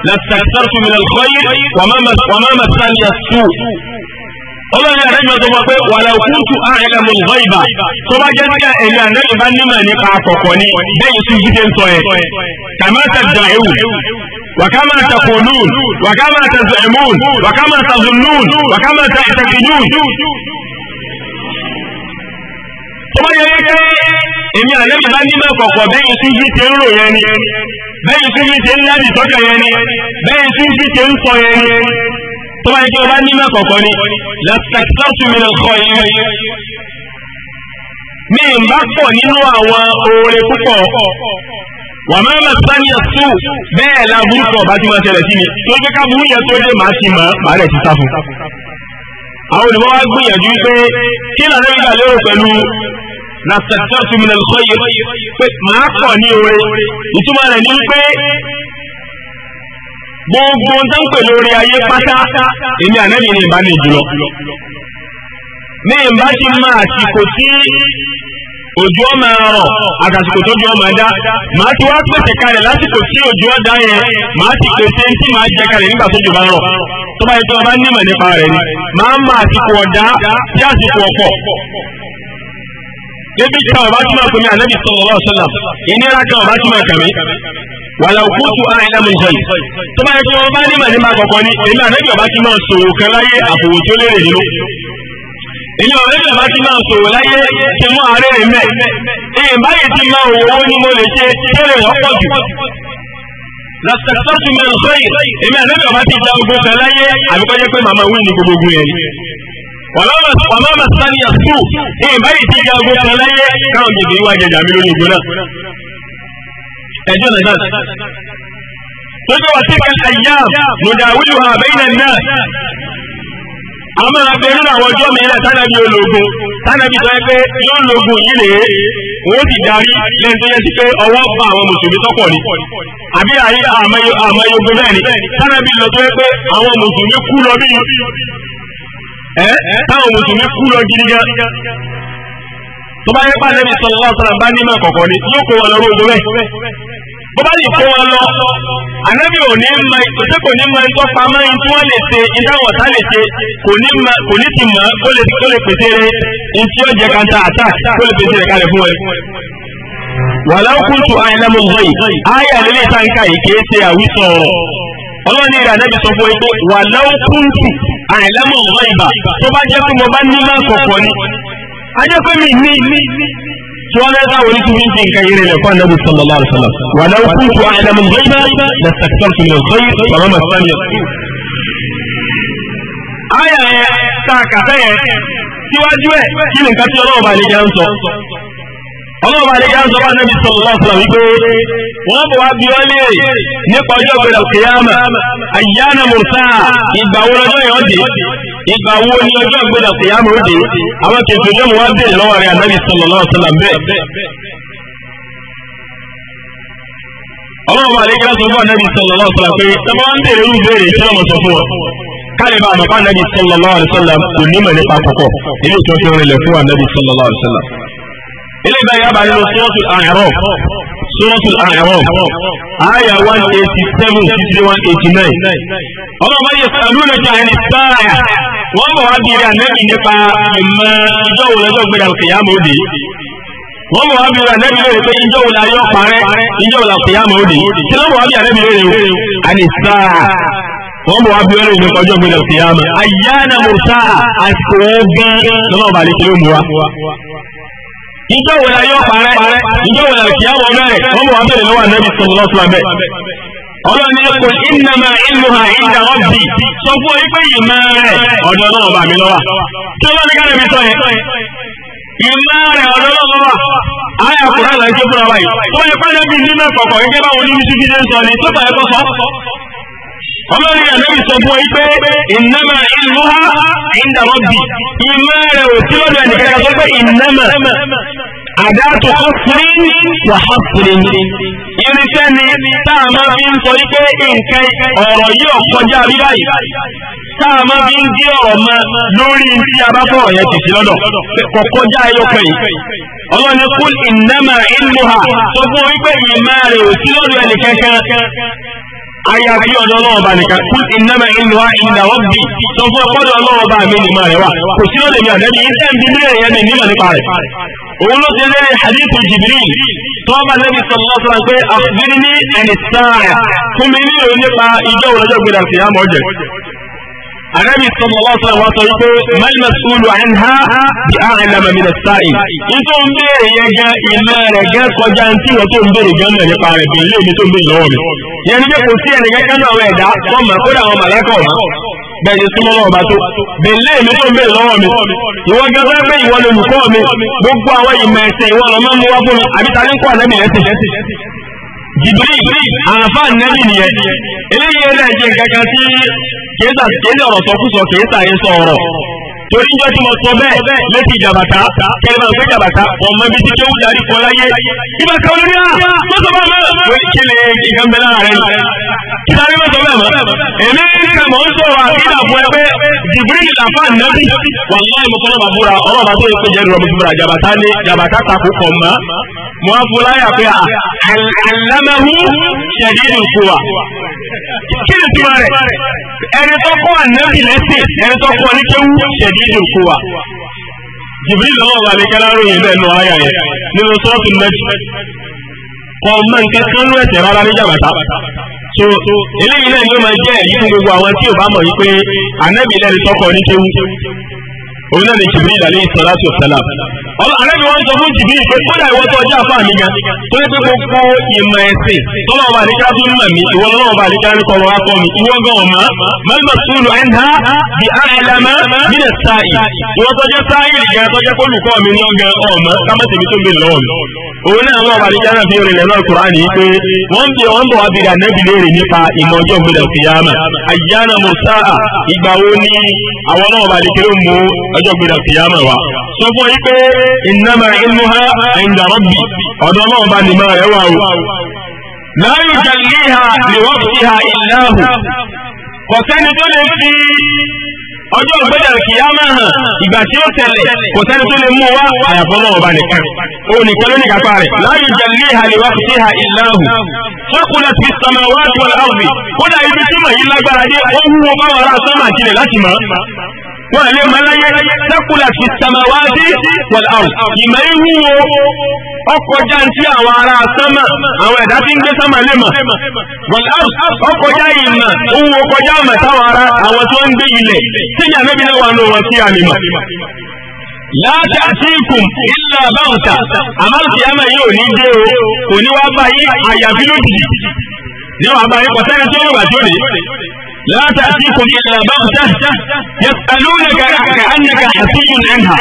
لاستكثرت من الخير وما وما مسني السوء ọlọ́run yàrá ìjọ tó mọ̀ pé wàlẹ̀ òkúùtù àyẹ̀kẹ́ mo gbọ́ ìbà tó bá jẹ́ sí ẹ̀mí ànẹ́bí bá nímọ̀ nípa àkọ́kọ́ ni bẹ́ẹ̀ sì jíde ń sọ ẹ̀ kàmá tẹ̀sán ewu wàkàmá tẹ̀kọ̀ọ́nù wàkàmá tẹ̀sán ẹ̀mú wàkàmá tẹ̀sán wàkàmá tẹ̀sán tó bá yẹ pé èmi ànẹ́bí bá nímọ̀ kọ̀kọ̀ bẹ́ẹ̀ sì jí ń rò yẹn ni bẹ́ẹ̀ sì jí ń lẹ́bi tọ́jọ́ yẹn ni bẹ́ẹ̀ sì jí ń sọ yẹn ni tó bá yẹ kí o bá ní mẹ́kọ̀ọ́ kan ni lẹ́sẹ̀kẹ́sì mi lọ kọ́ yìí mi ń bá pọ̀ nínú àwọn oore púpọ̀ wà máa ma sani ẹ̀sù bẹ́ẹ̀ la burúkọ̀ bá ti máa ṣẹlẹ̀ sí mi tó ń ká burú yẹn tó dé màá ti mọ̀ màá rẹ̀ ti sáfù. àwọn olùkọ́ wa gbìyànjú pé kí lànà ìgbà lérò pẹ̀lú lẹ́sẹ̀kẹ́sì mi lọ kọ́ yìí pé màá pọ̀ ní oore ìtumọ̀ rẹ̀ ni pé gbogbo ń tán pè lórí ayé pátá èmi ànábì ní ìbá ní jùlọ ní ìbá ti máa àsìkò tí òjò ọmọ ẹ̀rọ àtàsìkò tójú ọmọ ẹ̀dá màá ti wá pèsè kalẹ̀ lásìkò tí òjò ọ̀dá yẹn màá ti pèsè tí màá jẹ kalẹ̀ nígbà bá ni ma àsìkò ọ̀dá sí àsìkò ọ̀pọ̀ débi kan wàlà òkútu àìlẹ́mú ìjọyìn tó bá yẹ kí wọ́n bá ní màdí máa kọ̀kọ́ ní èmi àlejò bá ti máa sòwò kan láyé àbòwò tó lérè nínú èmi àlejò bá ti máa sòwò láyé kí mú ààrẹ rẹ̀ mẹ́ èyí báyìí ti máa wò owó ni mo lè ṣe tẹ́lẹ̀ ọ̀pọ̀ jù lọ́sọ̀tọ́sù mi ọ̀sọ́ yìí èmi àlejò bá ti ja ogun kan láyé àbíkọ́jẹ́ pé màmá wí ní gbogbo ogun yẹn wàmọ́ màsánìyà sùn ẹjọ́ náà náà. lójú wa tíkà ẹ̀yà lòdà wílù ha bẹ́yìn náà. àmọ́ abẹ nínú àwọn ọjọ́ mi náà tánàbí ológun tánàbí sọ pé yóò lógun yìí lè wọ́n ti darí lẹ́nu tó yẹ sí pé ọwọ́ bá àwọn mùsùlùmí tọ́pọ̀ ni. àbí àyè àmọ́yogun bẹ́ẹ̀ ni tánàbí lọ tó yẹ pé àwọn mùsùlùmí kú lọ bí táwọn mùsùlùmí kú lọ gidi tó bá pa nẹ́bí sallallahu alaihi wasallam bá ní mọ̀ ni yóò kó wọn lọ rú ogun bẹ́ẹ̀. bó kó wọn lọ ànábì ò ní ma ṣé kò ní ma ikọ́ pamọ́ in tí wọ́n lè ṣe in táwọn lè ṣe kò ní ti mọ̀ kó lè pèsè in tí ó kanta àtà kó lè pèsè rẹ̀ kalẹ̀ fún wọn wàláwù kùtù àìlẹ́mú gbọ́yì àyà lílé táǹkà yìí kìí ṣe àwísọ ọlọ́run ní ìrànlẹ́bí sọ fún yín pé wàláwù kùtù àìlẹ́mú gbọ́yì bá tó bá jẹ́ pé mo bá ní ajẹ́pẹ́mi ní tí wọ́n lẹ́sà wọlé tí wọ́n ti nǹkan yìí rẹ̀ fún anabi sallallahu alaihi wa sallam wà náà kú tó àdàmú gbẹ́gbẹ́ na sàkísàn tó lọ sọ́yìn bàbá mà sàmì. àyà ẹ̀ ta kàfẹ́ yẹn síwájú ẹ̀ kí ni nǹkan tí ọlọ́wọ́ bá lè jẹ́ ń sọ. ọlọ́wọ́ bá lè jẹ́ ń sọ fún anabi sallallahu alaihi wa sallam wípé wọ́n bọ̀ wá bí wọ́n léèrè nípa ọjọ́ ìgbéra kìyàmà àyànà mùsà ìgbà wo lọ́jọ́ yẹn ìgbà wo ni ọjọ́ ìgbéra kò yá mọ̀ dé àwọn kẹfẹ́ yóò wá bèèrè lọ́wọ́ rẹ̀ ànábì sallallahu alaihi wasallam bẹ́ẹ̀. ọlọ́run àlejò sọ fún ànábì sallallahu alaihi wasallam pé ẹ máa ń bèèrè irú bèèrè tí wọ́n sọ fún wọn. káàlì bá àmọ́kọ́ ànábì sallallahu alaihi wasallam kò nímọ̀ nípa kọ̀kọ̀ ilé ìtọ́ fi rinlẹ̀ fún ànábì sallallahu alaihi wasallam. ilé ìgbà yàrá nínú suratul A'raf suratul A'raf one eighty seven sí one eighty nine. ọlọ́run bá yẹ sàlúùnà jà ẹni sáà wọ́n bọ̀ wá bí rẹ̀ ànẹ́bì nípa ìmọ̀ ìjọ wo lọ́jọ́ gbé ra òkèèyàn mọ́ òde wọ́n bọ̀ wá bí rẹ̀ ànẹ́bì lóore pé ìjọ wo la yọ parẹ́ ìjọ wo la òkèèyàn mọ́ òde tí wọ́n bọ̀ wá bí ànẹ́bì lóore o àlèsà wọ́n bọ̀ wá bí ọlọ́run nípa ọjọ́ gbé ra òkèèyàn mọ́ àyáná mọ̀sá àsìkò ọgbọ́n lọ́nà ọ̀bàlẹ̀ kí ló mú wa ìjọ wo la yọ parẹ́ ìjọ wo la òkèèyàn mọ́ bẹ̀rẹ̀ wọ́n bọ̀ wá bẹ̀rẹ̀ lọ́wọ́ ọlọ́ni ẹ̀kọ́ ìnàmà ìlúhà ìdá ọ̀bì sọ fún ọ pé ìmọ̀ rẹ̀ ọ̀dọ̀ náà sọ pé lẹ́bi àdáàtò kọ́sìrín wà hásìrín irinṣẹ́ ni táà máa fi ń sọ wípé nǹkan ọ̀rọ̀ yìí ò kọjá rí báyìí táà máa fi ń gé ọ̀rọ̀ mọ lórí tí a bá fọ̀rọ̀ yẹn tì sí lọ́dọ̀ kò kọjá ẹyọkọ yìí ọlọ́ni kún ìnámà ìlúhà sọ fún wípé ìmọ̀ rẹ̀ ò sí lọ́dọ̀ ẹnì kankan aya fi ọ̀dọ̀ ọlọ́wọ́ bá nìkan kú ìnáma ìlú ìlà wọ́n bì sọ fún ọpọ́dọ̀ ọlọ́wọ́ bá mi nìmọ̀ òun ló ti lérí hadithu jibril tọ́ba nabi sallallahu alaihi pé akhbirni ẹni sáàyà fún mi nílò nípa ìjọ òlọ́jọ́ gbéra sí àmọ́ jẹ. Ànábì sallallahu alaihi wasallam wá sọ wípé mal mas'ulu anha bi a'lama min as-sa'i. Ìtò ń béèrè yẹn gan ìmọ̀ rẹ̀ gẹ́ kọjá tí wọ́n tó ń béèrè gan náà nípa rẹ̀ bí ilé mi tó ń béèrè lọ́wọ́ mi. Yẹn ni pé kò sí ẹnì bẹ́ẹ̀ ni súnmọ́ ọba tó bẹ̀lẹ́ mi tó ń bèèrè lọ́wọ́ mi ìwọ gẹ́gẹ́ pé ìwọ ni olùkọ́ mi gbogbo àwọn ìmọ̀ ẹ̀sẹ̀ ìwọ lọ máa ń mú wá fún mi àbí ta ní kọ́ àlẹ́ mi ẹ̀sìn jìbìrì àǹfà nẹ́bì nìyẹn eléyìí ẹ̀rẹ́ ẹ̀jẹ̀ kankan tí kìí sà kìí sọ̀rọ̀ sọkúsọ kìí sà torí ìjọ tí mo sọ bẹ́ẹ̀ létí ìjàbàtà kẹlẹ́ máa ń gbé jàbàtà ọmọ ibi tí kéwù darí kọ láyé ibà kan lórí à mọ́tò bá mọ́ wọ́n kí lè ìgbà ń bẹ rẹ̀ kí lárí mọ́tò bẹ́ẹ̀ mọ́ èmi kà mọ́ ń sọ̀rọ̀ àkídà fún ẹ pé Jibril àfa nàbí wàlúwà ìmọ̀kànlá bàbúrà ọ̀rọ̀ bàtà yóò pé jẹ́rù ọmọ bàbúrà ẹni tó kọ́ ànábì lẹ́sìn ẹni tó kọ́ oníkéwú ṣẹ̀dí ìdòkú wa jìbìrì lọ́wọ́ wa lè kẹ́lá ròyìn bẹ́ẹ̀ lọ ayà yẹn nínú sọ́ọ̀tù mẹ́jì kọ́ mọ́ nǹkan kan ló ẹ̀sẹ̀ rárá ní jàbàtà so eléyìí náà yóò máa jẹ́ ẹ̀rí fún gbogbo àwọn tí ò bá mọ̀ wípé ànábì lẹ́ni tó kọ́ oníkéwú òun náà ni jìbìrì lálẹ́ ìsọ̀lá alẹ́bí wọn sọ fún jìbìrì pé kódà ìwọ tó ọjọ́ àfa mi gan tó yẹ pé gbogbo ìmọ̀ ẹ̀sìn tọ́lá ọba àdékà tó ń mọ̀ mí ìwọ lọ́wọ́ ọba àdékà ń kọ̀rọ̀ akọ mi ìwọ gan ọ̀mọ́ mẹ́lìmọ̀ sùúlù ẹ̀ ń ha bí àìlàmọ́ mílẹ̀ sáì ìwọ tọ́jọ́ sáì gan tọ́jọ́ kólùkọ́ mi ní ọ̀gán ọ̀mọ́ kámẹ́sì mi tó ń bè lọ́wọ́ mi òun náà wọn bá níjà náà fi orin lẹ́nu àkùrán yìí pé wọ́n ń bí wọ́n ń bọ̀ wá bìrì ànábì lóore nípa ìmọ̀ ọjọ́ gbọdọ̀ fìyàmà àyànà mùsáà ìgbà wo ni àwọn náà bá lè kéré mú ọjọ́ gbọdọ̀ fìyàmà wa. sọ fún ọ yìí pé innama ilmuha inda rabbi ọ̀dọ̀ ọlọ́run bá ní máa rẹ̀ wà o. la yujalliha liwaqtiha illa hu kò sẹ́ni tó lè fi ọjọ́ ìgbẹ́jà kìyàmá hàn ìgbà tí ó tẹ̀lé kò sẹ́ni tó lè mú wá àyàfọ́ náà ọba nìkan òun nìkan ló ní kápá rẹ̀ láàyè jẹ̀lé àlèwà sí ha ìlàhù fọ́kùnlẹ̀ ti sọmọ wá tó ọ̀là ọ̀bì kódà ibi tí màá yí lágbára dé ó wúwo báwọn ará sọ́mà tilẹ̀ láti mọ̀ wọn lè mọ láyé lákùlà fi samawati wal ard ìmọ̀ ihu wo ọkọjá ti àwọn ará sánmà àwọn ẹ̀dá tí ń gbé sánmà lè mọ̀ wal ard ọkọjá ìmọ̀ òun ọkọjá àmọ̀ táwọn ará àwọn tó ń gbé ilẹ̀ tí ní àmẹ́bí náà wà ní wọn sí àmì mọ̀. láti àtìkùn illa báwùtà àmọ́ kìámà yóò ní dé o kò ní wá báyìí àyàfi lójijì ní wàá báyìí kọ̀tẹ́ni لا تأتيكم إلا بغتة يسألونك كأنك حفي عنها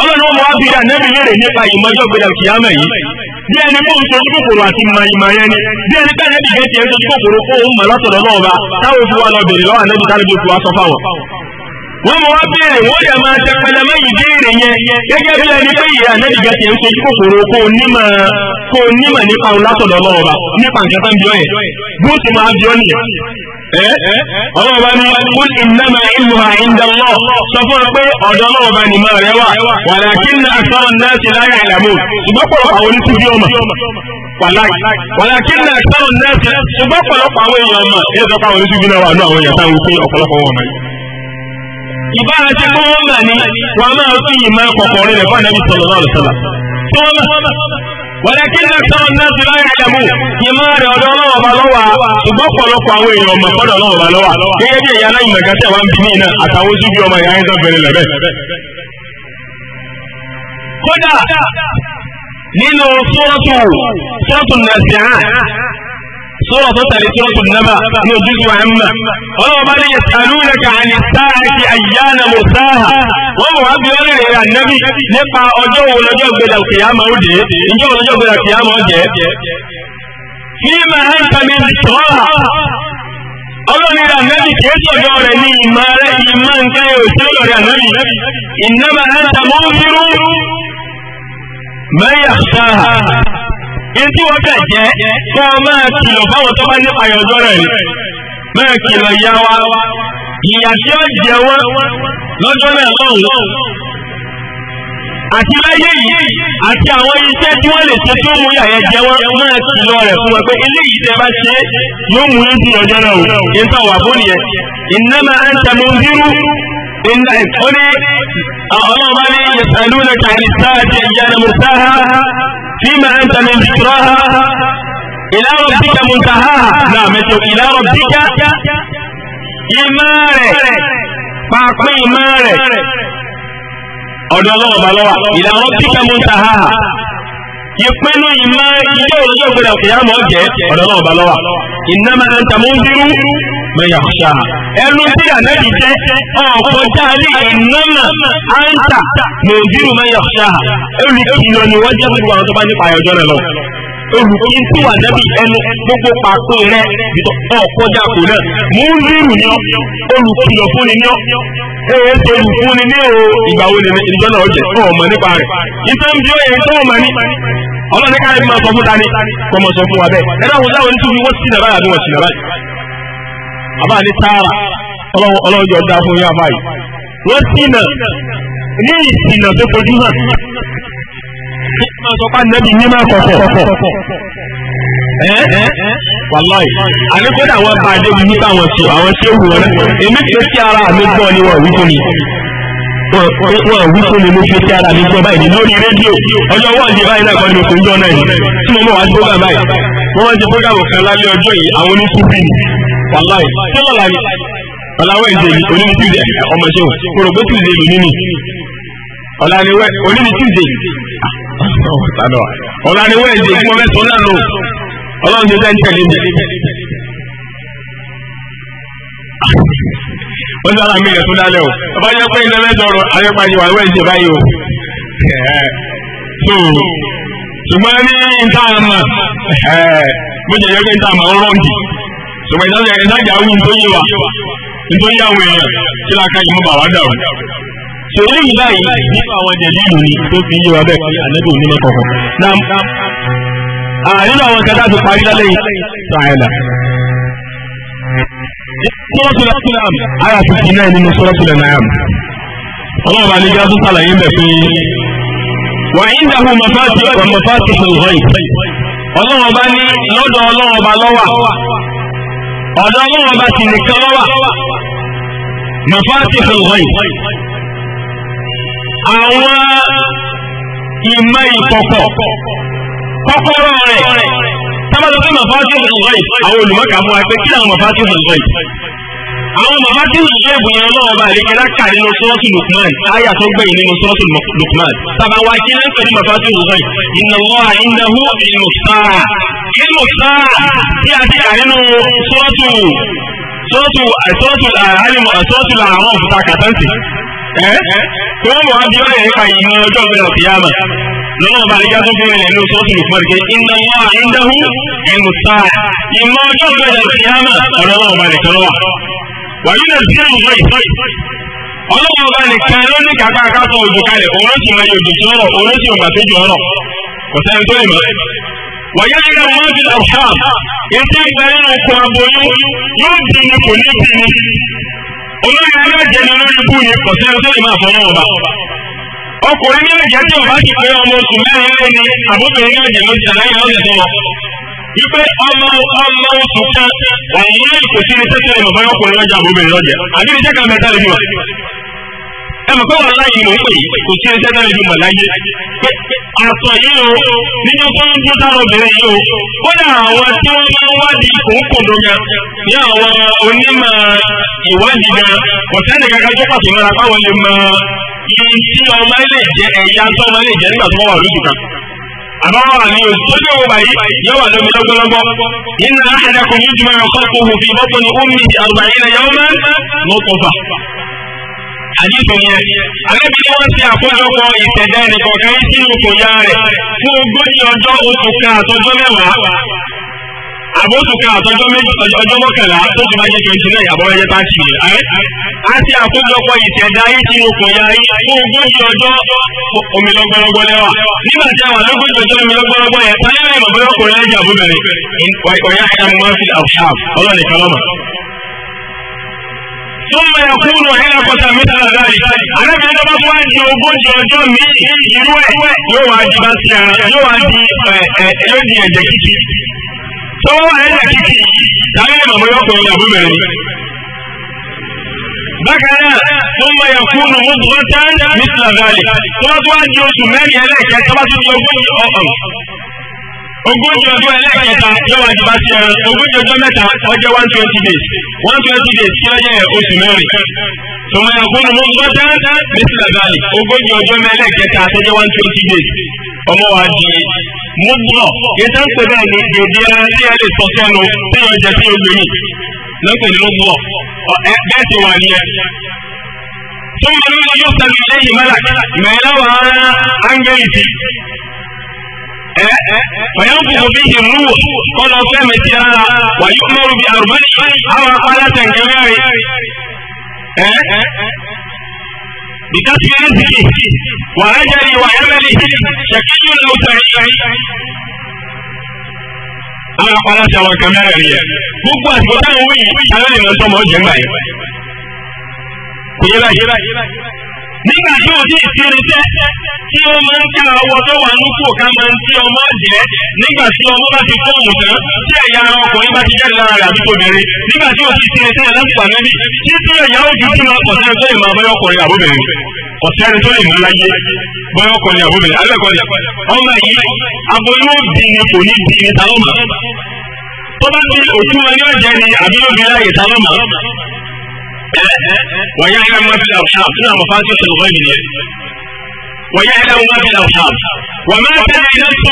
ọlọ́ ni wọ́n mọ̀ ábí dá nẹ́bí lérè nípa ìmọ̀jọ́ gbẹ̀dẹ̀ kìámẹ́ yìí bí ẹni mú oṣù ojú kòkòrò àti ìmọ̀ ìmọ̀ yẹn ni bí ẹni bẹ́ẹ̀ nẹ́bí gẹ̀ẹ́sì ojú kòkòrò kó o mọ̀ látọ̀dọ̀ náà bá táwọn òfin wa lọ bèrè lọ́wọ́ ànẹ́bí tálẹ́bí òfin wa sọ fáwọn wọ́n mọ̀ wá béèrè wọ́n yà máa tẹpẹlẹ mẹ́yìn béèrè yẹn gẹ́gẹ́ bí ẹni pé ìyá ànábì gẹ́gẹ́ ti ń sojú kòkòrò kó onímọ̀ kó onímọ̀ nípa òun látọ̀dọ̀ lọ́wọ́ bá nípa nǹkan tán bíọ́ yẹn bó ti máa bíọ́ nìyẹn. ọlọ́wọ́ bá ní kún ìnáma ìlú ha ìndà lọ sọ fún ọ pé ọ̀dọ́ lọ́wọ́ bá ní máa rẹ wà wàlá kí ní asọ́rọ̀ náà ti láyà ìlàmú ṣùgbọ́n pọ̀ àwọn onítúbí ọmọ wàláì wàlá kí ní ìbára jẹ́ pé wọ́n mà ní wọ́n máa fi ìmọ̀ kọ̀kọ̀ rẹ̀ fún ànábì sọ̀rọ̀ náà lọ́sọ̀lá tí wọ́n mà wọ̀lẹ́kí ní sọ̀rọ̀ náà ti láyé ẹ̀mú ìmọ̀ rẹ̀ ọ̀dọ̀ ọlọ́wọ̀ bá lọ́wọ́ ṣùgbọ́n ọ̀pọ̀lọpọ̀ àwọn èèyàn ọmọ ọ̀dọ̀ ọlọ́wọ̀ bá lọ́wọ́ gẹ́gẹ́ bí ẹ̀yà aláìmọ̀ gàtẹ́ wa ń bí nínú àtàwọn ojú bí ọmọ ìyá ń sọ̀rọ̀ tó tẹ̀lé tí wọ́n tún nábà ní ojú ju àmà ọlọ́wọ́ bá ní yas'alunaka 'ani s-sa'ati ayyana mursaha wọ́n mọ̀ wá bí wọ́n rìn rìn ànábì nípa ọjọ́ wo lọ́jọ́ gbẹdà kìyàmà ó dé ìjọ́ lọ́jọ́ gbẹdà kìyàmà ó jẹ́ fíìmà anta min dhikraha ọlọ́ni rẹ̀ ànábì kìí sọ̀dọ̀ rẹ̀ ní ìmọ̀ rẹ̀ ìmọ̀ nǹkan ẹ̀ òṣèlú rẹ̀ ànábì innama anta munziru man yakhshaha yín tí wọ́n fẹ́ jẹ́ kó o máa kìlọ̀ fáwọn tó bá nípa ìyọ̀jọ́ rẹ̀ ni máa kìlọ̀ ìyá wa ìyà tí ó jẹ wọ́n lọ́jọ́ náà lọ́hùn àti láyé yìí àti àwọn iṣẹ́ tí wọ́n lè ṣe tó mú yàyẹ jẹ wọ́n máa kìlọ̀ rẹ̀ fún wọn pé eléyìí tẹ bá ṣe yóò mú yín sí ọjọ́ náà o yín wà fún yẹn innama anta munziru إن أولي أعلم علي يسألونك عن الساعة فيما أنت من ذكراها إلى ربك منتهاها نعم إلى ربك إمارة pàápín ìmọ̀ rẹ̀ ọ̀dọ̀ ọlọ́wọ̀ bá lọ́wà ìlànà tí kẹ́ mú ń ta háà Yepenu ìmọ̀ ilé òṣìṣẹ́ ògbèrè àfihàmọ́ jẹ́ ọ̀dọ̀ náà bá lọ́wà ìnáma náà tàmú ń dúró mẹ́yà ṣá ẹnu tí ànábì jẹ́ ọ̀kọjá ní ìnáma áńtà mẹ́òdúró mẹ́yà ṣá olùkìlọ̀ ni wọ́n jẹ́ fún àwọn tó bá nípa ayọ̀jọ́ rẹ̀ lọ olùkóyin tí wà nẹ́bí ẹnu gbogbo pàtó rẹ ọ̀kọjá kò náà mò ń rírù ní ọ olùkìlọ̀ fúnni ní ọ èyí ṣe olùfúnni ní o ìgbà wo ni ìjọ náà jẹ ọ ọmọ nípa rẹ ìtàn bí ó yẹ tó ọmọ ní ọlọ́ni káyọ̀ bí máa sọ fún ta ni kọ́ mọ̀ sọ fún wa bẹ́ẹ̀ ẹ dáhùn láwọn nítorí wọ́n sì nàbáyà bí wọ́n sì nàbáyà àbá ní tààrà ọlọ́jọ́ dá fún yá báyìí wọ́n sì nà ní ìsìnà tó fojú hàn kí máa sọ pé ànábì ní máa kọ̀kọ̀ wàláì àlékún àwọn bá a débi nípa àwọn tí àwọn tí ó wù wọn náà èmi tó kí ara mi gbọ́ ni wọ́n wí fún mi wọ́n wí fún mi ló fi kí ara mi gbọ́ báyìí lórí rédíò ọjọ́ wọ́n di báyìí náà kọ́ ni oṣù jọ náà yìí tí mo mọ̀ wá sí program báyìí wọ́n wá sí program kan lálẹ́ ọjọ́ yìí àwọn oníṣubí ni wàláì tí wọ́n láyé ọ̀làwọ̀ ìdè yìí oníbi tuesday ọmọ ìṣòwò kòrògbé tuesday lónìí ni ọ̀làníwẹ̀ oníbi tuesday sálọ wa ọ̀la ni wọ́n èdè fún ọmọ ẹ̀sọ́ náà lò ọlọ́run ti dẹ́n tẹ̀lé mi. wọ́n sára mi rẹ̀ tó dálẹ̀ o ọba jẹ́ pé ilé mẹ́jọ ọ̀rọ̀ ayọ́pàdé wà wẹ́ẹ̀dì báyìí o. ṣùgbọ́n ní nta àmà mo jẹ́ yọ pé nta àmà ń rọ́ǹdì ṣùgbọ́n ìdájà awi nítorí wa nítorí àwọn èèyàn kí láka yìí mú bàwá dàrú tí eléyìí báyìí nínú àwọn jẹ̀lílù ni tó fi yé wa bẹ́ẹ̀ pé ànábì ò ní mọ́ kọ̀ọ̀kan. náà nínú àwọn kẹta tó parí lálẹ́ yìí sàáyẹ̀dà. sọ́rọ́tùlẹ̀ sọ́rọ́tùlẹ̀ àyà fifty nine nínú sọ́rọ́tùlẹ̀ náà. ọlọ́run bá ní kí a tún sàlàyé ń bẹ̀ pé wà á ń dàbọ̀ mọ̀fáàtì mọ̀fáàtì ṣòwòrán ọlọ́run bá ní àwọn ìmọ̀ ìkọ̀kọ̀ kọ́kọ́rọ́ rẹ̀ tábàtọ̀ pé màfáàtì òṣùwọ̀n yìí àwọn olùmọ̀kà mú wa pé kí làwọn màfáàtì òṣùwọ̀n yìí àwọn màfáàtì òṣùwọ̀n yìí bùyàn náà bá àlejò láka nínú sọ́ọ̀tù lukman táyà tó gbẹ̀yìn nínú sọ́ọ̀tù lukman tàbá wa kí lẹ́ńpẹ̀ ní màfáàtì òṣùwọ̀n yìí ìnà wọ́n àìnáwó ìlú sáà ìlú sáà tí a ẹ́ tí wọ́n mọ̀ á bí ọ̀rẹ́ nípa ìmọ̀ ọjọ́ ìgbẹ́nà kìyàmà lọ́nà ọba àríyá tó fún ilẹ̀ lóṣù tó lùkọ́ rẹ̀ iná wọn àrídáhù ẹnu sáà ìmọ̀ ọjọ́ ìgbẹ́nà kìyàmà ọ̀rọ̀ ọba nìkan lọ́wà wàyí lè sí ìmọ̀ ìfọ́ ọlọ́wọ́ ọba nìkan ló ní kàkà àkàtọ̀ òjò kalẹ̀ olóṣì máa yọ òjòjì ọ̀rọ̀ olóṣì ọ̀gbà tó jọ ọ̀rọ̀ kò sẹ́ni tó lè mọ̀ wàyí lè yẹ wọn fi àwùjọ ètò ìgbà nínú ọkọ̀ àbòyún yóò bí ní kò ní bí ní olórí alájẹ ni olórí ibú ni kò sẹ́ni tó lè máa fọ́ náà ọba. ọkùnrin ní ẹ̀jẹ̀ tí ọba ti pé ọmọ oṣù mẹ́rin lé ní àbókùnrin ní ẹ̀jẹ̀ lóṣù àlàyé ọ̀sẹ̀ tó lọ. wípé ọmọ ọmọ oṣù kan òun náà kò sí ní sẹ́kẹ̀rẹ̀ bàbá ọkùnrin lọ́jà àbóbìnrin lọ́jà àbí ní sẹ́kẹ̀rẹ̀ mẹ́ta lè fi wà ẹ mọ̀ pé wà láyé mò ń pè yìí kò sí ẹsẹ̀ náà lè mọ̀ láyé pé àtọ̀ yìí o níjọ́ tó ń dún sára obìnrin yìí o kódà àwọn tí wọ́n máa ń wádìí kòókòdó gan ní àwọn onímọ̀ ìwádìí gan ọ̀sẹ́ni kankan tó pàtó lára fáwọn lè mọ iye tí ọmọ lè jẹ ẹ̀yà tó ọmọ lè jẹ nígbà tó wà lóṣù kan àbáwọ̀ àmì òṣìṣẹ́ owó báyìí yóò wà lómi lọ́gbọ́lọ́gbọ́ inna ahadakum yujma'u khalquhu fi batni ummihi arba'ina yawman nutfa àdìsí yẹn àlẹ́bí ni wọ́n ti àkójọpọ̀ ìtẹ̀dá ẹnìkọ̀ọ̀kan yìí sínú kòyà rẹ̀ fún ogójì ọjọ́ oṣù kan àtọjọ́ mẹ́wàá àbóṣù kan àtọjọ́ ọjọ́ mọ́kànlá tó ti máa jẹ́ twenty nine àbọ̀ ẹ̀jẹ̀ tá ti yìí ẹ́ á ti àkójọpọ̀ ìtẹ̀dá yìí sínú kòyà yìí fún ogójì ọjọ́ omi lẹ́wà nígbà tí àwọn ológun ìjọjọ́ omi ثم يكون علقة مثل ذلك أنا من هذا بس واحد يوجد يوجد مي يروى يوجد بس يوجد يوجد يجكي tọ́wọ́ ẹ̀yà kìkì láyé màmá yọkùnrin àbúmẹ̀rin bákan náà tó máa yẹ fún un mú bọ́tán mísìlá gáàlì tó bá tó wá di oṣù mẹ́rin ẹlẹ́kẹ̀ẹ́ tó bá tó di ogójì ọ̀hún ogójì ọjọ́ ẹlẹ́kẹta yóò wá jìbá sí ẹran ogójì ọjọ́ mẹ́ta ọjọ́ one twenty days one twenty days tí ọjọ́ yẹ oṣù mẹ́rin tòun ẹ̀rọ kúnnù mú gbọ́dá bísílẹ̀ báyìí ogójì ọjọ́ mẹ́lẹ́kẹta àtọ́jọ́ one twenty days ọmọ wa di mú bọ̀ yẹtà ń pè bẹ́ẹ̀ ni dòdì ẹran tí ẹ lè sọ sẹ́nu tí yọ jẹ sí ogbè yìí lọ́pẹ̀ ní mú bọ̀ bẹ́ẹ̀ ti wà ní ẹ. tó ń bọ̀ lórí yóò sẹ́nu ilé yìí mẹ́lá mẹ́lá wàá áńgẹ́lì sí وينفخ فيه الروح قال فهم تيارا ويؤمر بأربع أو أقالة كمان بكسب رزقه وأجله وعمله شقي أو سعيد àwọn akpala ti àwọn nǹkan mẹ́rin rí ẹ gbogbo àsìkò táwọn wí yìí àwọn ènìyàn sọmọ ọjọ́ ń báyìí kò yé báyìí nígbà tí o ti ìfirinṣẹ́ tí ó máa ń ká ọwọ́ tó wà ní kò ká máa ń tí ọmọ jẹ́ nígbà tí ọmọ bá ti fóònù tán tí ẹ̀yà ara ọkùnrin bá ti jáde lára rẹ̀ àbí obìnrin nígbà tí o ti ìfirinṣẹ́ lásìkò àmẹ́bí tí tí ẹ̀yà ojú tí wọn kọ̀sẹ́ tó ìmọ̀ abẹ́rẹ́ ọkùnrin àbóbìnrin kọ̀sẹ́ ẹni tó lè mú láyé bọ́yọ̀ ọkùnrin àbóbìnrin alẹ́kọ̀ọ́ni ọmọ yìí aboyún bí ni kò ní bí ni ta ló mọ̀ tó bá ti òtún ẹni ọ̀jẹ̀ ni àbí lóbi ويعلم ما في الأرحام هنا مفاتيح الغيب ويعلم ما في الأرحام وما تدري نفس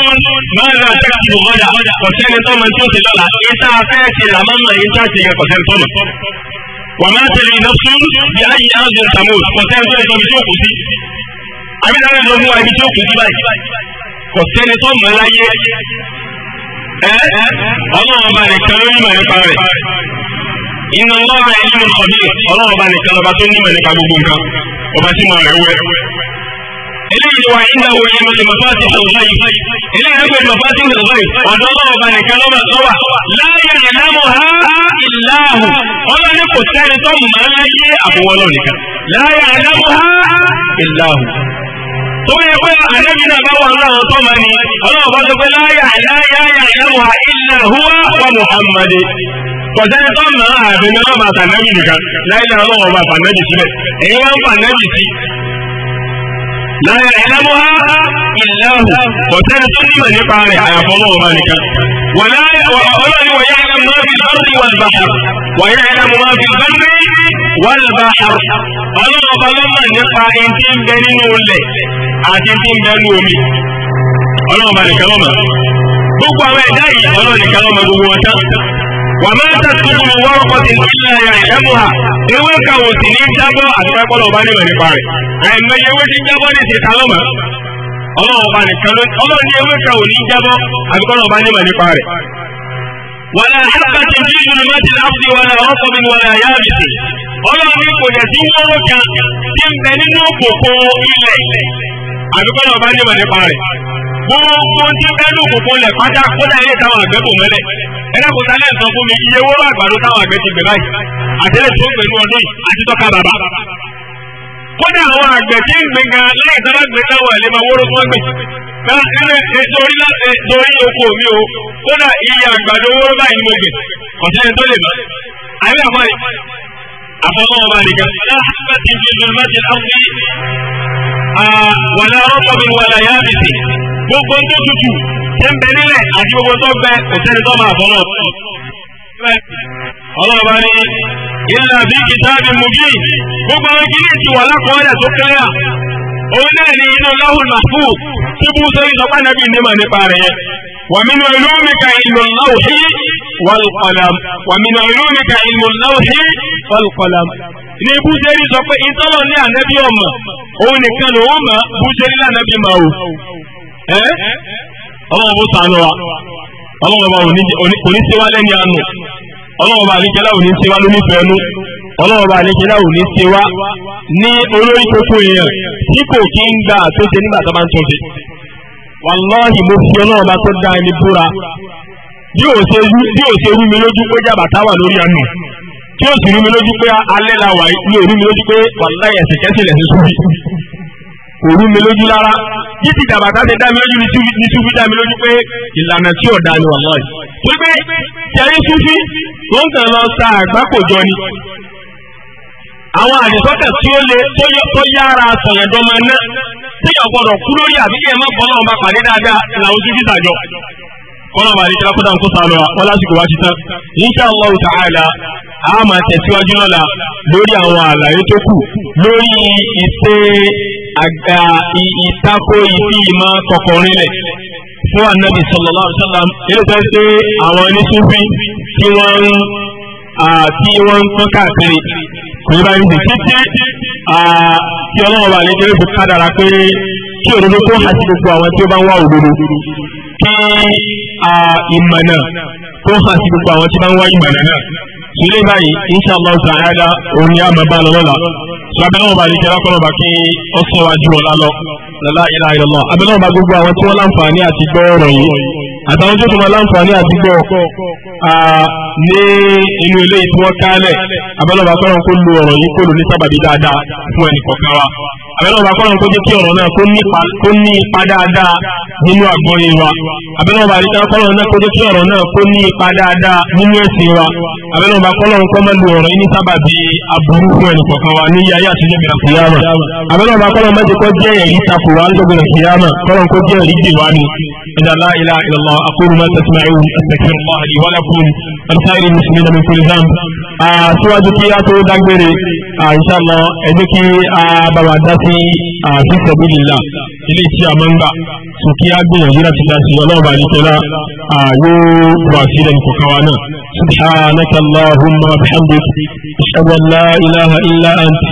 ماذا تكسب غدا وسنة ثم توصل لها إن تعفيت الأمام إن تعفيت وسنة ثم وما تدري نفس بأي أرض تموت وسنة ثم بتوقع سي أبي أنا لو هو أبي توقع سي باي وسنة ثم لا يه أه أه الله ما يكلمني ما يفعل iná lọ́wọ́ ẹ̀yìn ló kọ̀ ní ọlọ́run ọba nìkan lọ́ba tó nímọ̀ nípa gbogbo nǹkan ọba tí mo rẹ̀ wẹ̀. eléyìí wà iná wo ẹ̀yìn lè mọ̀fá ti sọ̀rọ̀ báyìí eléyìí ẹgbẹ́ mọ̀fá ti sọ̀rọ̀ báyìí ọ̀dọ́ ọlọ́run ọba nìkan lọ́ba sọ́wà láyé ìlàmù ha ìlàhù ọlọ́ni kò sẹ́ni tó mọ̀ máa láyé àbúwọ́lọ́ nìkan tó yẹ pé ànábì náà bá wà láwọn tó máa ní ọlọ́run bá pé láyà láyà yà ìlàmù ha ìlàhù wa muhammadu kọ̀sẹ́ni tó mọ̀ àyàfi ní wọ́n bá tànẹ́bì nìkan láìláà ọlọ́wọ́ bá tànẹ́bì sílẹ̀ èyí wọ́n bá tànẹ́bì sí. láyé ẹ̀lẹ́mú ha ìlẹ́hù kọ̀sẹ́ni tó nímọ̀ nípa rẹ̀ àyàfi ọlọ́wọ́ bá nìkan. wọ́n láyé ọlọ́ni wọ̀nyá ẹ̀lẹ́mú náà fi lọ́rùn wọn bá a wọ̀nyá ẹ̀lẹ́mú náà fi lọ́rùn wọn bá a ọlọ́wọ́ bá lọ́mọ̀ nípa ẹni ń bẹ nínú ilẹ̀ àti tí ń bẹ nínú omi ọlọ́wọ́ wà máa ń tàbí wọ́rọ̀kọ̀ sí ìlú ẹ̀yà ìlẹ́mùhà ewé kan ò sì ní jábọ́ àtúwẹ́pọ̀lọ̀ ọba nílò nípa rẹ̀ àìmọye ewé ti jábọ́ ní ìṣèta lọ́mọ ọlọ́run ọba nìkan ló ọlọ́run ní ewé kan ò ní jábọ́ àbíkọ́lọ̀ ọba nílò nípa rẹ̀. wàlá àbá ti di ìlú mẹ́tì láti wàlá ọkọ̀ mi wàlá ayá mi sí ọlọ́run ní kò yẹ sí wọ́rọ̀ kan tí ń bẹ nínú òkòkò ilẹ̀ àbíkọ́lọ̀ ọba nílò nípa rẹ̀ gbogbo tí bẹ́ẹ̀ ní òkòkò ilẹ̀ pátá kódà ilé táwọn àgbẹ̀ bò mẹ́lẹ̀ ẹ̀rọ kò sálẹ̀ sọ fún mi iye owó àgbàdo táwọn àgbẹ̀ ti gbẹ báyìí àtẹ̀lẹ̀ tó gbẹ̀lú ọdún yìí àti tọ́ka bàbá. kódà àwọn àgbẹ̀ tí ń gbin gan lẹ́yìn tó bá gbé táwọn ẹ̀lẹ́ máa wóró fún ẹgbẹ̀. torí láti torí oko mi o kódà iye àgbàdo wóró báyìí ni mo gbìn kọ̀sẹ́ni tó lè mọ́. àbí àfọ̀rí àfọ̀mọ́ ọba nìkan. wàlá rọ́pọ̀ mi wàlá yá ṣé ń bẹ nílẹ̀ àti gbogbo tó bẹ kò sẹ́ni tó máa bọ́ náà. ọlọ́ọ̀bá ní ilà bí kìtàbí mubin gbogbo àwọn kìíní ti wà lákọọ́lẹ̀ tó kẹ́yà òun náà ní inú láhùn màfú tí bú sórí sọpá nàbí nímọ̀ nípa rẹ̀ ومن علومك علم اللوح والقلم ومن علومك علم اللوح والقلم ní bújẹ́rì sọ pé ìtọ́lọ̀ ní ànábì ọmọ òun nìkan lòun mọ̀ bújẹ́rì lànàbí mọ̀ o ọlọ́run bó sànù wa ọlọ́run bá oníṣẹ́wá lẹ́ni àánú ọlọ́run bá àníkẹ́lá oníṣẹ́wá lónífẹ̀ẹ́ nú ọlọ́run bá àníkẹ́lá oníṣẹ́wá ní olórí kókó èèyàn tí kò kí ń gbà tó ṣe nígbà tó bá ń tọ́jú wàláhì mo fi ọlọ́run bá tó dá ẹni búra bí ò ṣe rú mi lójú pé jàbàtà wà lórí àánú tí ó sì rú mi lójú pé alẹ́ la wà ní òrú mi lójú pé wàláhì ẹ̀sìn kò rú mi lójú rárá yìí ti jàbàtà ti dá mi lójú ní sufi dá mi lójú pé ìlànà tí ò dá ni wà lọ́ọ̀yì. torí pé jẹ́rí sufi ló ń tàn lọ sa àgbákòjọ ni. àwọn àdìsọ́kẹ̀ tí ó le tó yára sọ̀yẹ̀dọ́mọ náà téèyàn gbọ́dọ̀ kú lórí àbí kí ẹ má bọ́lá ọba pàdé dáadáa làwọn sufi tàjọ. kọ́nà bá rí kílákúdà ń kó sa lọ wọn lásìkò wá ti tán. insha Allah ta'ala a máa tẹ̀síwájú lọ́la lórí àwọn àlàyé tó kù lórí ìṣe ìtako ìfi ìmọ̀ kọkùnrin lẹ̀ fún anabi sallallahu alaihi wa sallam ilé tó ṣe àwọn oníṣúfì tí wọ́n ń tí wọ́n ń tán káàkiri kò ní báyìí ní títí tí ọlọ́run wà lédè lóko kádàrà pé kí òdodo kó hàn sí gbogbo àwọn tí ó bá ń wá òdodo kí ìmọ̀nà kó hàn sí gbogbo àwọn tí ó bá ń wá ìmọ̀nà náà. sílé báyìí insha Allah ta'ala òun ni a máa bá lọ́la lábẹ́lẹ́ ọba àdìkẹ́ lápẹ́lẹ́ ọba kí ọsùn wa ju ọ̀la lọ lọ́la ìlà ìlọ́lọ́ abẹ́lẹ́ ọba gbogbo àwọn tí wọ́n láǹfààní àti gbọ́ ọ̀rọ̀ yìí àtàwọn tó tún wọn láǹfààní àti gbọ́ ní inú ilé tí wọ́n kálẹ̀ abẹ́lẹ́ ọba kọ́rọ̀ kó lu ọ̀rọ̀ yìí kó lu ní sábàbí dáadáa fún ẹnì kọ̀ọ̀kan wa abẹ́lẹ́ ọba kọ́rọ̀ kó jẹ́ kí ọ̀rọ̀ náà kó ní ipa dáadáa nínú àgbọ́yé wa abẹ́lẹ́ ọba àdìkẹ́ kọ́rọ̀ náà kó jẹ́ kí ọ̀rọ̀ náà kó ní ipa dáadáa nínú ẹ̀sìn wa abẹ́lẹ́ ọba kọ́rọ̀ kó má lu ọ̀rọ̀ yìí ní sábàbí aburú fún ẹnì kọ̀ọ̀kan wa níyà ayé àtijọ́ bẹ̀rẹ̀ fìyàmà àbẹ̀lẹ̀ ọba kọ́lọ̀ mẹ́jẹ kọ́ jẹ́ ẹ̀rí takò wá ló bẹ̀rẹ̀ fìyàmà kọ́lọ̀ kó jẹ́ ẹ̀rí dì wá ní ẹ̀dá láìlá ìlọ́lá akóró mẹ́ta tí máa ń ẹ̀sẹ̀kẹ́ ọmọ ìwọ́lá fún ẹ̀rọ̀sáìrì mùsùlùmí nàmi kò nìyàm. síwájú kí a tó dágbére inshallah ẹjẹ́ kí a bá wa dá sí àfíìsẹ̀bùnìlà ilé tí a máa ń gbà so kí láti dá sí ọlọ́ọ̀bà àdìsọ́lá yóò wà sílẹ̀ nìkọ̀kan wa náà subhanaka allahumma wa bihamdik ashhadu an la ilaha illa anta